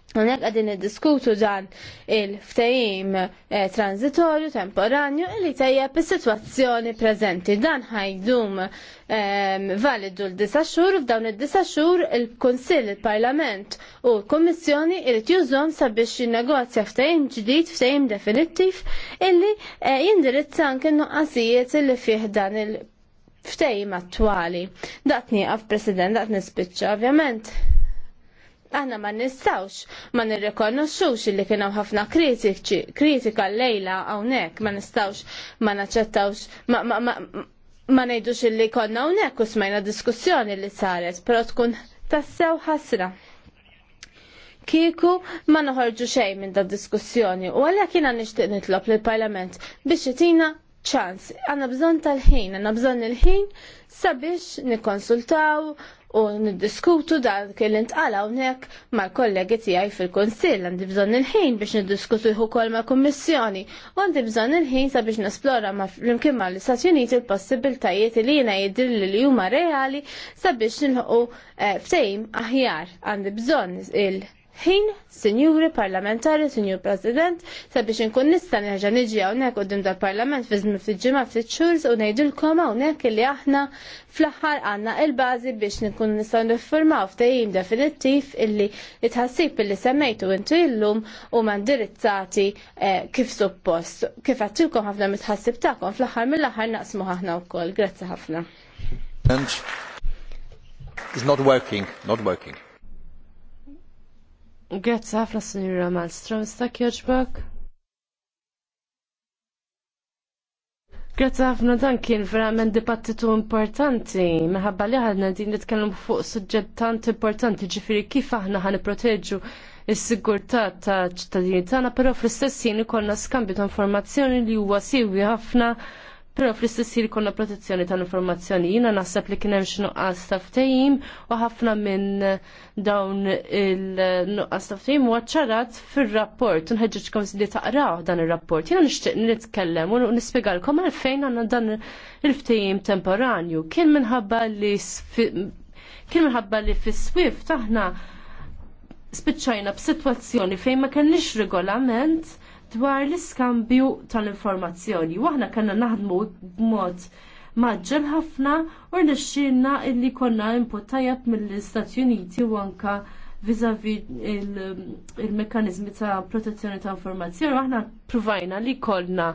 Għonek għadin id-diskutu dan il-ftajim eh, transitorju, temporanju, li tajja il-situazzjoni prezenti. Dan ħajdum ehm, validu l-disa xur, f'dawn id-disa xur il-Konsil, il-Parlament u l-Kommissjoni irrit jużom sabiex jinnegozja ftajim ġdid, ftajim definittiv, illi eh, jindirizza anke nuqqasijiet li fih dan il-ftajim attwali. Datni għaf president, datni spiċċa, ovvjament Aħna ma nistawx ma nirrikonoxxux li kien hemm ħafna kritika lejla hawnhekk ma nistawx ma naċċettawx ma, ma, ma, ma ngħidux illi konna hawnhekk u smajna diskussjoni li saret, però tkun tassew ħasra kieku ma noħorġu xejn minn da diskussjoni u għalhekk jiena nixtieq nitlob lill-Parlament biex jitina ċans. Għanna bżon tal-ħin, għanna bżon il-ħin sabiex nikonsultaw u niddiskutu dan kien intqala hawnhekk mal-kollegi tiegħi fil-Kunsill għandi bżonn il-ħin biex niddiskutu wkoll mal-Kummissjoni u għandi bżonn il-ħin sabiex nesplora ma' flimkien mal-Istati Uniti l possibiltajiet li jiena jidhirli li huma reali sabiex nilħu eh, ftejim aħjar għandi bżonn il- ħin, senjuri parlamentari, sinjur president, sabiex inkun nista' nerġa' niġi hawnhekk quddiem dal-Parlament fi żmien ftit ġimgħa ftit xhur u ngħidulkom hawnhekk li aħna fl-aħħar għandna il-bażi biex nkun nistgħu niffurmaw ftehim definittiv illi itħassib illi semmejtu intu illum u mandirizzati eh, kif suppost. Kif għattilkom ħafna mitħassib tagħkom fl-aħħar mill-aħħar naqsmu aħna wkoll. Grazzi ħafna. It's not working, not working. Grazzi ħafna Signora Malmström, sta kjoġbok? Grazzi ħafna dan kien verament dibattitu importanti, meħabba li ħadna din nitkellmu fuq suġġett tant importanti, ġifiri kif aħna ħan proteġu is-sigurtà ta' ċittadini tagħna, però fl-istess jien ikollna skambju ta' informazzjoni li huwa siwi ħafna Pero fl-istess jkollna protezzjoni tal-informazzjoni. Jiena naħseb li kien hemm xi nuqqas ta' ftehim u ħafna minn dawn il-nuqqas ta' ftehim huwa ċarat fir-rapport. Nħeġġeġkom li taqraw dan ir-rapport. Jiena nixtieq nitkellem u nispjegalkom għalfejn għandna dan il-ftehim temporanju. Kien minħabba li kien minħabba li fis-Swift aħna spiċċajna b'sitwazzjoni fejn ma kellix regolament dwar l-iskambju tal-informazzjoni. Waħna kanna naħdmu b'mod maġġel ħafna u rnexxielna illi konna input tajjeb mill-Istati Uniti u anka vizavi il mekkaniżmi ta' protezzjoni ta' informazzjoni. Aħna provajna li konna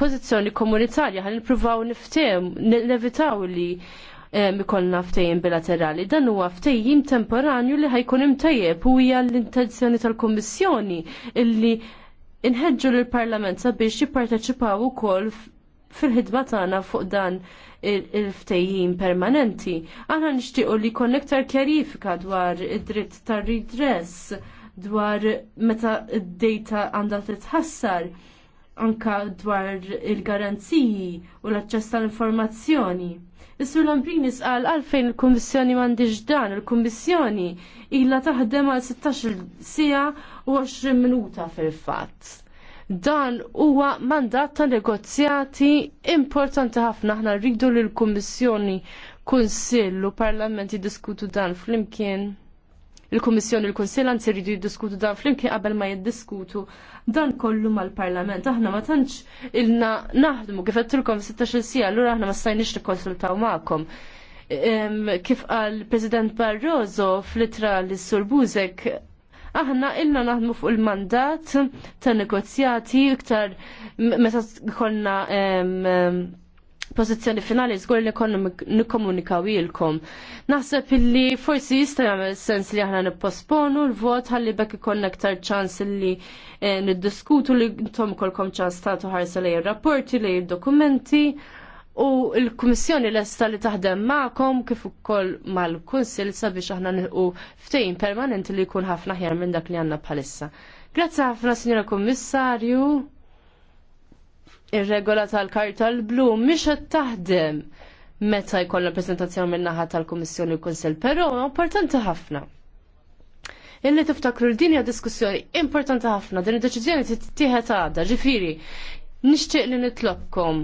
pożizzjoni komunitarja ħalli nippruvaw niftehom, nevitaw li ikollna ftejjim bilaterali. Dan huwa ftejjim temporanju li ħajkun imtajjeb u hija l-intenzjoni tal-Kummissjoni illi inħeġġu lill-Parlament sabiex jipparteċipaw ukoll fil-ħidma tagħna fuq dan il-ftejjim permanenti. Aħna nixtiequ li jkun iktar kjarifika dwar id-dritt tar-redress dwar meta d-data għandha titħassar anka dwar il-garanziji u l-aċċess tal-informazzjoni. Issu Lambrinis qal għalfejn il-Kummissjoni m'għandix dan, il-Kummissjoni ilha taħdem għal 16 sija u 20 minuta fil-fatt. Dan huwa mandat ta' negozjati importanti ħafna aħna rridu lill l-Kummissjoni Kunsill u Parlament diskutu dan flimkien il-Kummissjoni il kunsill anzi jridu jiddiskutu dan flimkien qabel ma jiddiskutu dan kollu mal-Parlament. Aħna ma tantx ilna naħdmu kif għedtilkom 16 sija, allura aħna ma stajniex nikkonsultaw magħkom. Kif qal President Barroso fl-itra l-Sur Buzek, aħna ilna naħdmu fuq il-mandat ta' negozjati iktar meta kollna pożizzjoni finali żgur li konnu nikkomunikaw ilkom. Naħseb illi forsi jista' jagħmel sens li aħna nipposponu l-vot ħalli bekk ikollna aktar ċans illi eh, niddiskutu li ntom kolkom ċans tagħtu ħarsa lejn rapporti lejn dokumenti u l-Kummissjoni lesta li taħdem magħkom kif ukoll mal-Kunsil sabiex aħna nilqu ftejn permanenti li jkun ħafna ħjar minn dak li għandna bħalissa. Grazzi ħafna, Signora Kommissarju ir-regola tal-karta l-blu mhix qed taħdem meta jkollna preżentazzjoni minn naħa tal-Kummissjoni u l-Kunsell, però importanti ħafna. Illi tiftakru din hija diskussjoni importanti ħafna, din id-deċiżjoni tittieħed għadha, ġifieri nixtieq li nitlobkom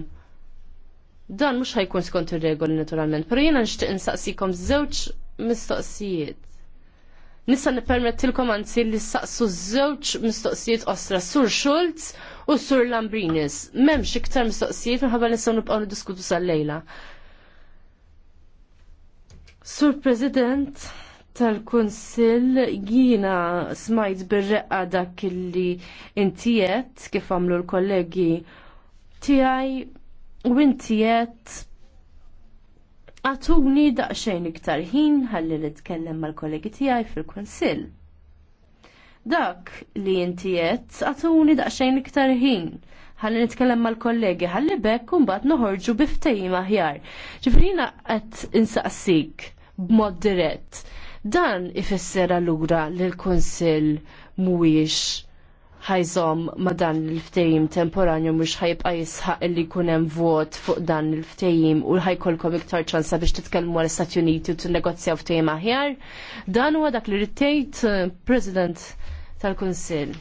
dan mhux ħajkun skont ir-regoli naturalment, però jiena nixtieq insaqsikom żewġ mistoqsijiet. Nista' nippermettilkom anzi li saqsu żewġ mistoqsijiet ostra sur Schulz u Sur Lambrinis. Memx iktar mistoqsijiet minħabba nistgħu nibqgħu niddiskutu sal-lejla. Sur President tal-Kunsill jiena smajt bir-reqqa dak li intijiet kif għamlu l-kollegi tiegħi u intijiet għatuni daqsxejn iktar ħin ħalli nitkellem mal-kollegi tiegħi fil-Kunsill. Dak li inti jett għatuni daqsxejn iktar ħin. Ħalli nitkellem mal-kollegi, għalli bekk mbagħad noħorġu biftejjim aħjar. Ġifrina qed insaqsik b'mod dirett. Dan ifisser allura li l-Kunsill mhuwiex ħajżom ma dan il-ftejim temporanju mhux ħajbqa' jisħaq li jkun hemm vot fuq dan il-ftejim u ħajkolkom iktar ċansa biex titkellmu għal istati Uniti u tinnegozjaw ftejim aħjar. Dan huwa dak li rid eh, President tal-Kunsill.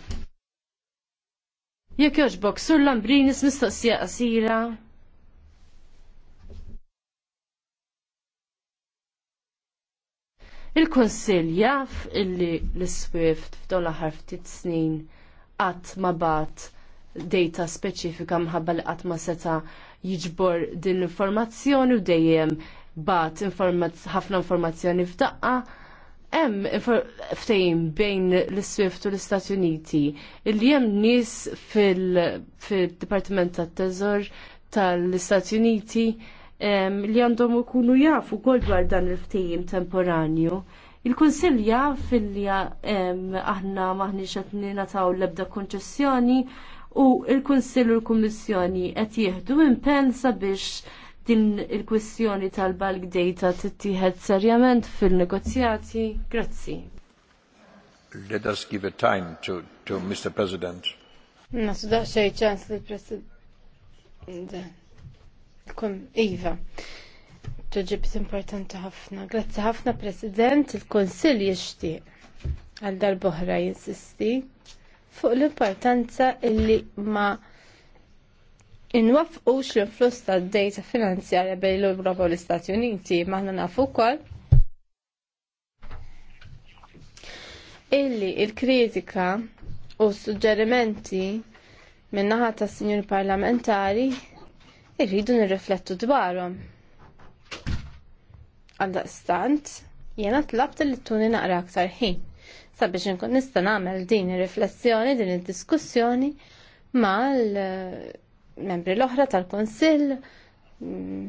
Jekk jogħġbok, sur Lambrinis mistoqsija qasira. Il-Kunsill jaf illi l-Swift f'dola ħar ftit snin qatt ma bat data speċifika mħabba li qatt ma seta jiġbor din l-informazzjoni u dejjem bat ħafna informazzjoni f'daqqa hemm ftejn bejn l-Swift u l-Istati Uniti illi hemm nies fil-Dipartiment tat-Teżor tal-Istati Uniti li għandhom ikunu jafu kol dwar dan il ftejn temporanju. Il-Kunsill jaf li aħna maħniex qed nataw l-ebda konċessjoni u il-Kunsill u l-Kummissjoni qed jieħdu impensa biex din il-kwistjoni tal-bulk data tittieħed serjament fil-negozjati? Grazzi. Let us give a time to, to Mr. President. Nasu ċans li President. Iva. Ġoġibit importanti ħafna. Grazzi ħafna President, il-Konsil jixtieq għal darboħra jinsisti fuq l-importanza illi ma' inwaffqux l-influss tad-dejta finanzjarja bejn l-Ewropa u l-Istati Uniti, maħna nafu wkoll illi il-kritika u s-suġġerimenti min-naħa tas sinjur parlamentari irridu nirriflettu dwarhom. Għaldaqstant, jiena tlabt li tuni naqra aktar ħin sabiex inkun nista' nagħmel din ir-riflessjoni din id-diskussjoni mal membri l-oħra tal konsil mm,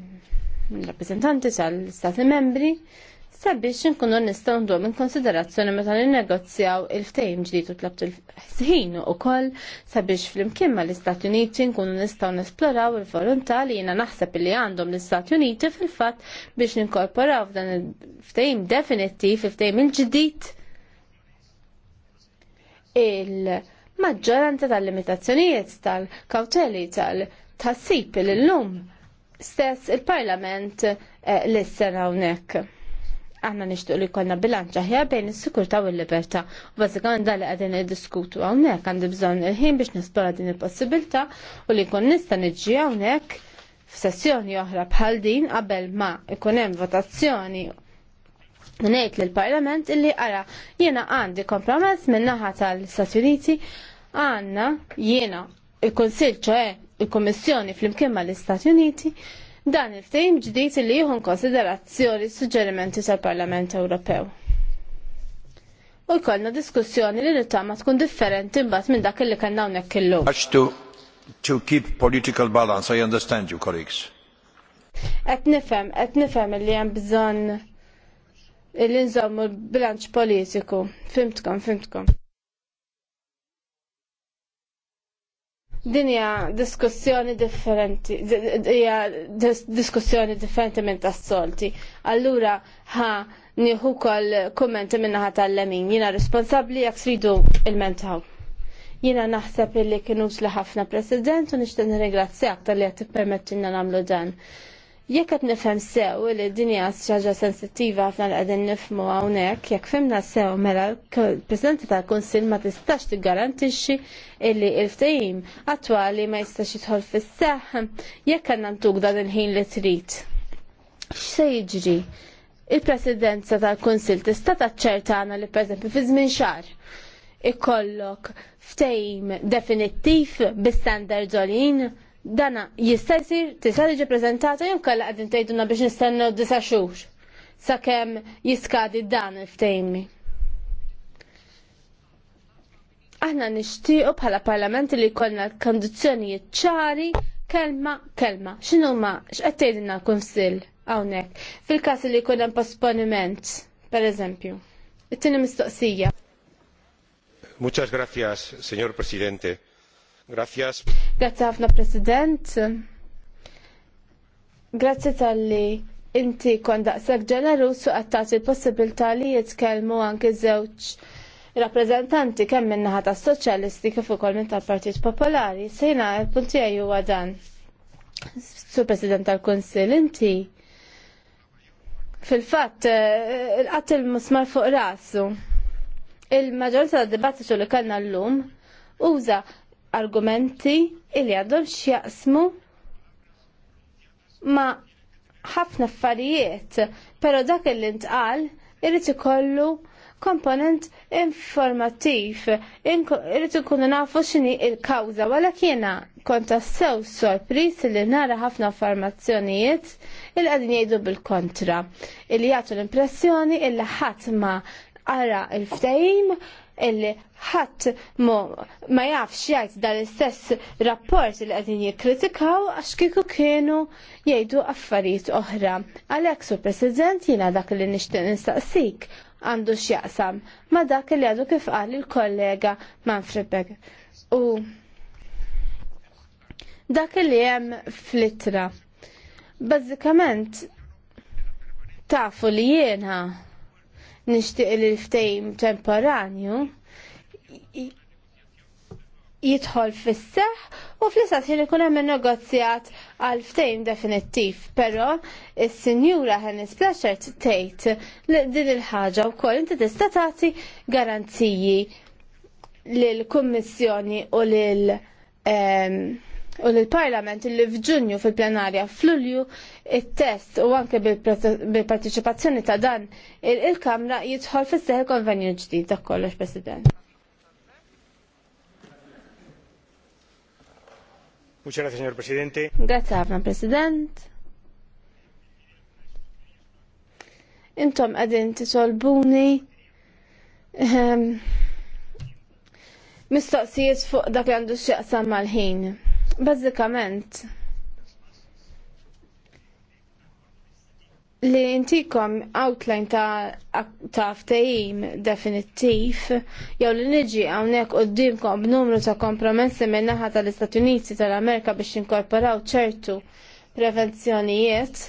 rappresentanti tal-Stati membri, sabiex nkunu nistgħu ndu minn konsiderazzjoni meta ninnegozjaw il-ftehim ġdid u tlabt il-ħsien ukoll sabiex flimkien mal istati Uniti nkunu nistgħu nesploraw il-volontà li jiena naħseb li għandhom l-Istati Uniti fil-fatt biex ninkorporaw f'dan il-ftehim definittiv il-ftehim il-ġdid il, -ftehim il ġdid il ġdid maġġoranza tal-limitazzjonijiet tal-kawteli tal-tassib l-lum stess il-parlament eh, l-issen hawnhekk. Aħna nishtu li konna bilanċa ħja bejn is sikurta u l-libertà. U bażikament dal li qegħdin diskutu hawnhekk għandi bżonn il-ħin biex nisbora din il-possibilità u li jkun nista' niġġi hawnhekk f'sessjoni oħra bħal din qabel ma ikun hemm votazzjoni Nejt l-Parlament illi għara jiena għandi kompromess minnaħa tal-Stati Uniti għanna jiena il-Konsil ċoħe il komissjoni fl imkimma mal-Istati Uniti dan il-ftejm ġdijt li jihun konsiderazzjoni suġġerimenti tal-Parlament Ewropew. U jkollna diskussjoni li nittama tkun differenti mbagħad minn dak li kellna hawnhekk illum. To, to keep political balance, I understand you colleagues. Qed nifhem, qed nifhem li hemm bżonn li nżommu l-bilanċ politiku. Fimtkom, fimtkom. Dinja diskussjoni differenti, dinja diskussjoni differenti minn tas-solti. Allura, ha, nieħu kol kommenti minnaħa tal-lemin. Jina responsabli jak sridu il-mentaw. Jina naħseb illi kienu ħafna president u nishtan ringrazzjak tal-li għat permettinna namlu dan. Jekk qed nifhem sew li d-dinja xaġa sensittiva ħafna li qegħdin nifhmu hawnhekk, jekk fimna sew mela l-Presidenti tal-Kunsill ma tistax tiggarantixxi illi l-ftehim attwali ma jistax jidħol fis-seħħ jekk għandna ntuk dan il-ħin li trid. X'se jiġri? Il-Presidenza tal-Kunsill tista' taċċertana li pereżempju fi żmien xahar ikollok ftehim definittiv bi standard dana jista' jsir tista' tiġi preżentata jew kellha qegħdin tgħidulna biex nistennew disa' xhur sakemm jiskadi dan il-ftejmi. Aħna nixtiequ bħala parlament li jkollna kondizzjonijiet ċari kelma kelma. X'inhu ma x'qed tgħidilna l-Kunsill hawnhekk fil-każ li jkun hemm posponiment, pereżempju. It-tieni mistoqsija. Muchas gracias, señor presidente. Grazzjas. Grazzi ħafna President. Grazzi tal-li inti kon daqseg ġenerus u għattat il-possibilità li jitkellmu anke żewġ rappresentanti kemm min-naħa tas soċjalisti kif ukoll minn tal-Partit Popolari. Sejna l-punti huwa dan. Sur President tal-Kunsill inti fil-fatt eh, il-qatt il-musmar fuq rasu. Il-maġġoranza tad-dibattitu li kellna llum uża argumenti illi għadhom x'jaqsmu ma ħafna affarijiet, però dak li ntqal irid ikollu komponent informattiv, irid ikunu nafu x'inhi il-kawża wala kiena kont assew sorpris li nara ħafna affarmazzjonijiet il qegħdin jgħidu bil-kontra. Illi jagħtu l-impressjoni illi ħadd ma ara il-ftehim illi ħadd ma jafx jgħid dal-istess rapport li qegħdin jikkritikaw għax kieku kienu jgħidu affarijiet oħra. Għalhekk su President jiena dak li nixtieq nistaqsik għandu x'jaqsam ma dak li għadu kif qal il-kollega Manfred U dak li hemm fl-ittra. Bażikament tafu li jiena nixtieq li l-ftejm temporanju jidħol fis seħħ u fl-istess ħin ikun hemm negozjat għal ftejm definittiv, però is-sinjura Hennis Pleasure tgħid li din il-ħaġa wkoll inti tista' tagħti garanziji lill-Kummissjoni u lil ehm, u l-Parlament li f'Ġunju fil-plenarja f'Lulju it-test u anke bil-partiċipazzjoni ta' dan il-Kamra jidħol fis-seħ konvenju ġdid dak kollox President. Muchas gracias, señor presidente. Grazie, ħafna, President. Intom għadin tisolbuni ehm, mistoqsijiet fuq dak li għandu xieqsam mal-ħin. Bazzikament, li intikom outline ta' ta' ftehim definittiv jew li u hawnhekk dimkom b'numru ta' kompromessi minn naħa tal-Istati Uniti tal-Amerika biex inkorporaw ċertu prevenzjonijiet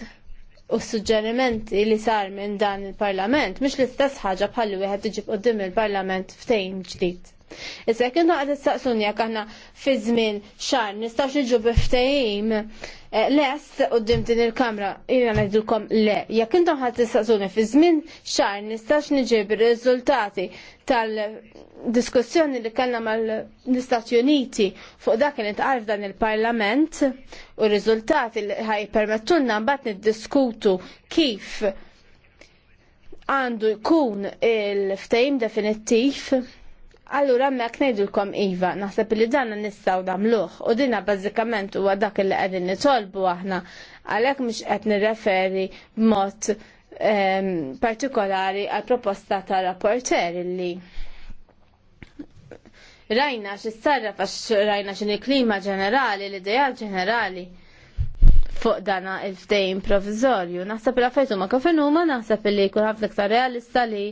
u suġġerimenti li sar minn dan il-Parlament, mhix l-istess ħaġa bħalli wieħed iġib quddiem il-Parlament ftehim ġdid. Issa kien naqgħod nistaqsuni jekk fi żmien xahar nistax niġu biftehim eh, lest qudiem din il-kamra jiena ngħidulkom le. Jekk intom ħadd tistaqsuni fi żmien xahar nistax niġib ir-riżultati tal-diskussjoni li kellna mal-Istati Uniti fuq dak li intqarf dan il-Parlament u r-riżultati li permettuna mbagħad niddiskutu kif għandu jkun il-ftehim definittiv Allura mek nejdulkom Iva, naħseb li dan nistaw damluħ u dina bazzikament huwa dak li qegħdin nitolbu aħna għalhekk mhux qed nirreferi b'mod ehm, partikolari għal proposta ta' rapporter li rajna x-sarra għax rajna x'in klima ġenerali, l-ideal ġenerali fuq dana il-ftejn provizorju. Naħseb il-affetu ma kafin huma naħseb li jkun ħafna iktar realista li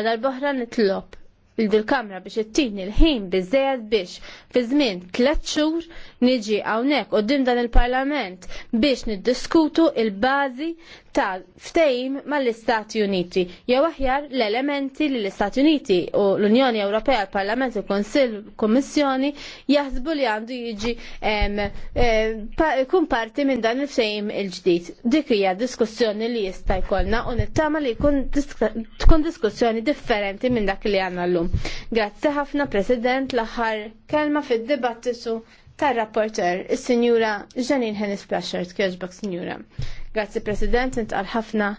għal boħra nitlob il-kamra biex ittini l-ħin bizzejad biex fi żmien tliet xhur niġi hawnhekk qudiem dan il-Parlament biex niddiskutu il-bażi ta' ftehim mal-Istati Uniti. Jew aħjar l-elementi li l-Istati Uniti u l-Unjoni Ewropea, il-Parlament, il-Konsil, Kommissjoni jaħsbu li għandu jiġi eh, kun parti minn dan il ftejm il-ġdid. Dik hija diskussjoni li jista' jkollna u nittama li tkun diskussjoni differenti minn dak li għandna llum. Grazzi ħafna President l-aħħar kelma fid-dibattitu tar-rapporter, is-Sinjura Janine Hennis Plashert, kieġbak Sinjura. Grazzi President, intqal ħafna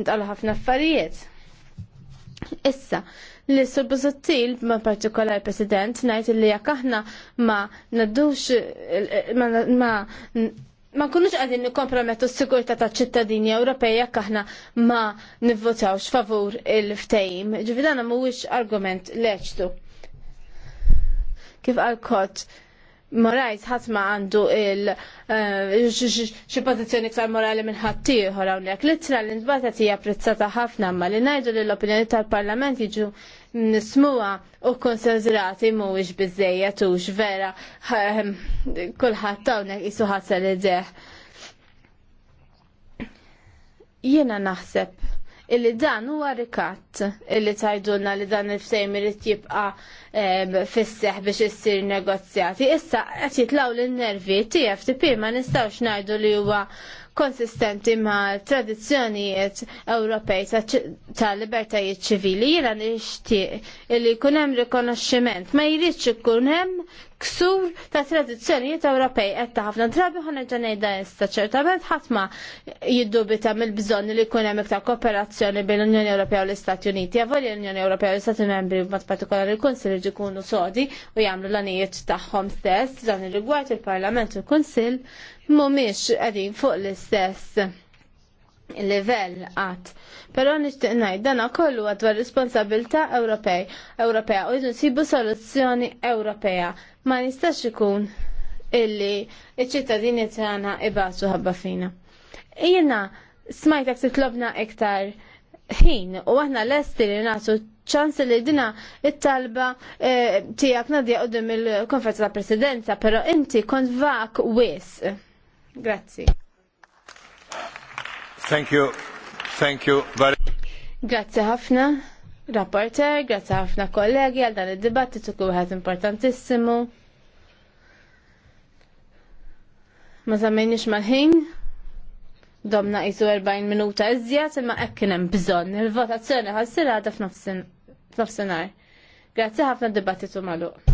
intqal ħafna affarijiet. Issa, li subbozzettil ma partikolar president najt li jak aħna ma nadux ma ma nkunux għadin nikompromettu s-sigurta ta' ċittadini Ewropej jekk aħna ma nivvotawx favur il-ftejim. Ġividana mhuwiex argument leċtu. Kif għal kot Morajs ħadd ma għandu il eh, xi pożizzjoni iktar morali minn ħadd ieħor hawnhekk. Litra l-intbata hija apprezzata ħafna ma li ngħidu l-opinjoni tal-Parlament jiġu nismuha u konsenżrati mhuwiex biżejjed u vera ehm, kulħadd hawnhekk isu ħatsa li deħ Jiena naħseb illi dan huwa rikatt illi tajdulna li dan il-ftejm irid jibqa' ehm, fisseħ biex issir negozjati. Issa qed jitlaw l-nervi tipi ma nistgħux ngħidu li huwa konsistenti ma' tradizzjonijiet Ewropej ta' libertajiet ċivili. jiran nixtieq li jkun hemm rikonoxximent ma jridx ikun hemm ksur ta' tradizzjonijiet Ewropej qed ta' ħafna drabi ħanerġa' ngħidha issa ċertament ħadd ma jiddubita mill-bżonn li jkun hemm iktar kooperazzjoni bejn l-Unjoni Ewropea u l-Istati Uniti. Avoli l-Unjoni Ewropea u l-Istati Membri b'mod partikolari l-Kunsill ikunu sodi u jagħmlu l-anijiet tagħhom stess dan il rigward il-Parlament u l-Kunsill mhumiex qegħdin fuq l-istess livell qatt. Però nixtieq ngħid dan kollu dwar responsabilità Ewropej Ewropea u nsibu soluzzjoni Ewropea. Ma nistax ikun illi iċ-ċittadini t-għana ibaċu ħabba fina. Jiena smajtak titlobna iktar ħin u aħna lesti li nasu ċans li dina it-talba eh, tijak nadja u il-konferenza ta' presidenza, pero inti kont vak wis. Grazzi. Thank you. Thank you very Grazzi ħafna, rapporter, grazzi ħafna kollegi għal dan id-dibattitu kuħat importantissimu. Ma zammejniex mal-ħin, domna jisu 40 minuta iżjat imma hekk kien hemm bżonn il-votazzjoni ħassir għadha f'nofsinhar. Grazzi ħafna d-dibattitu magħluq.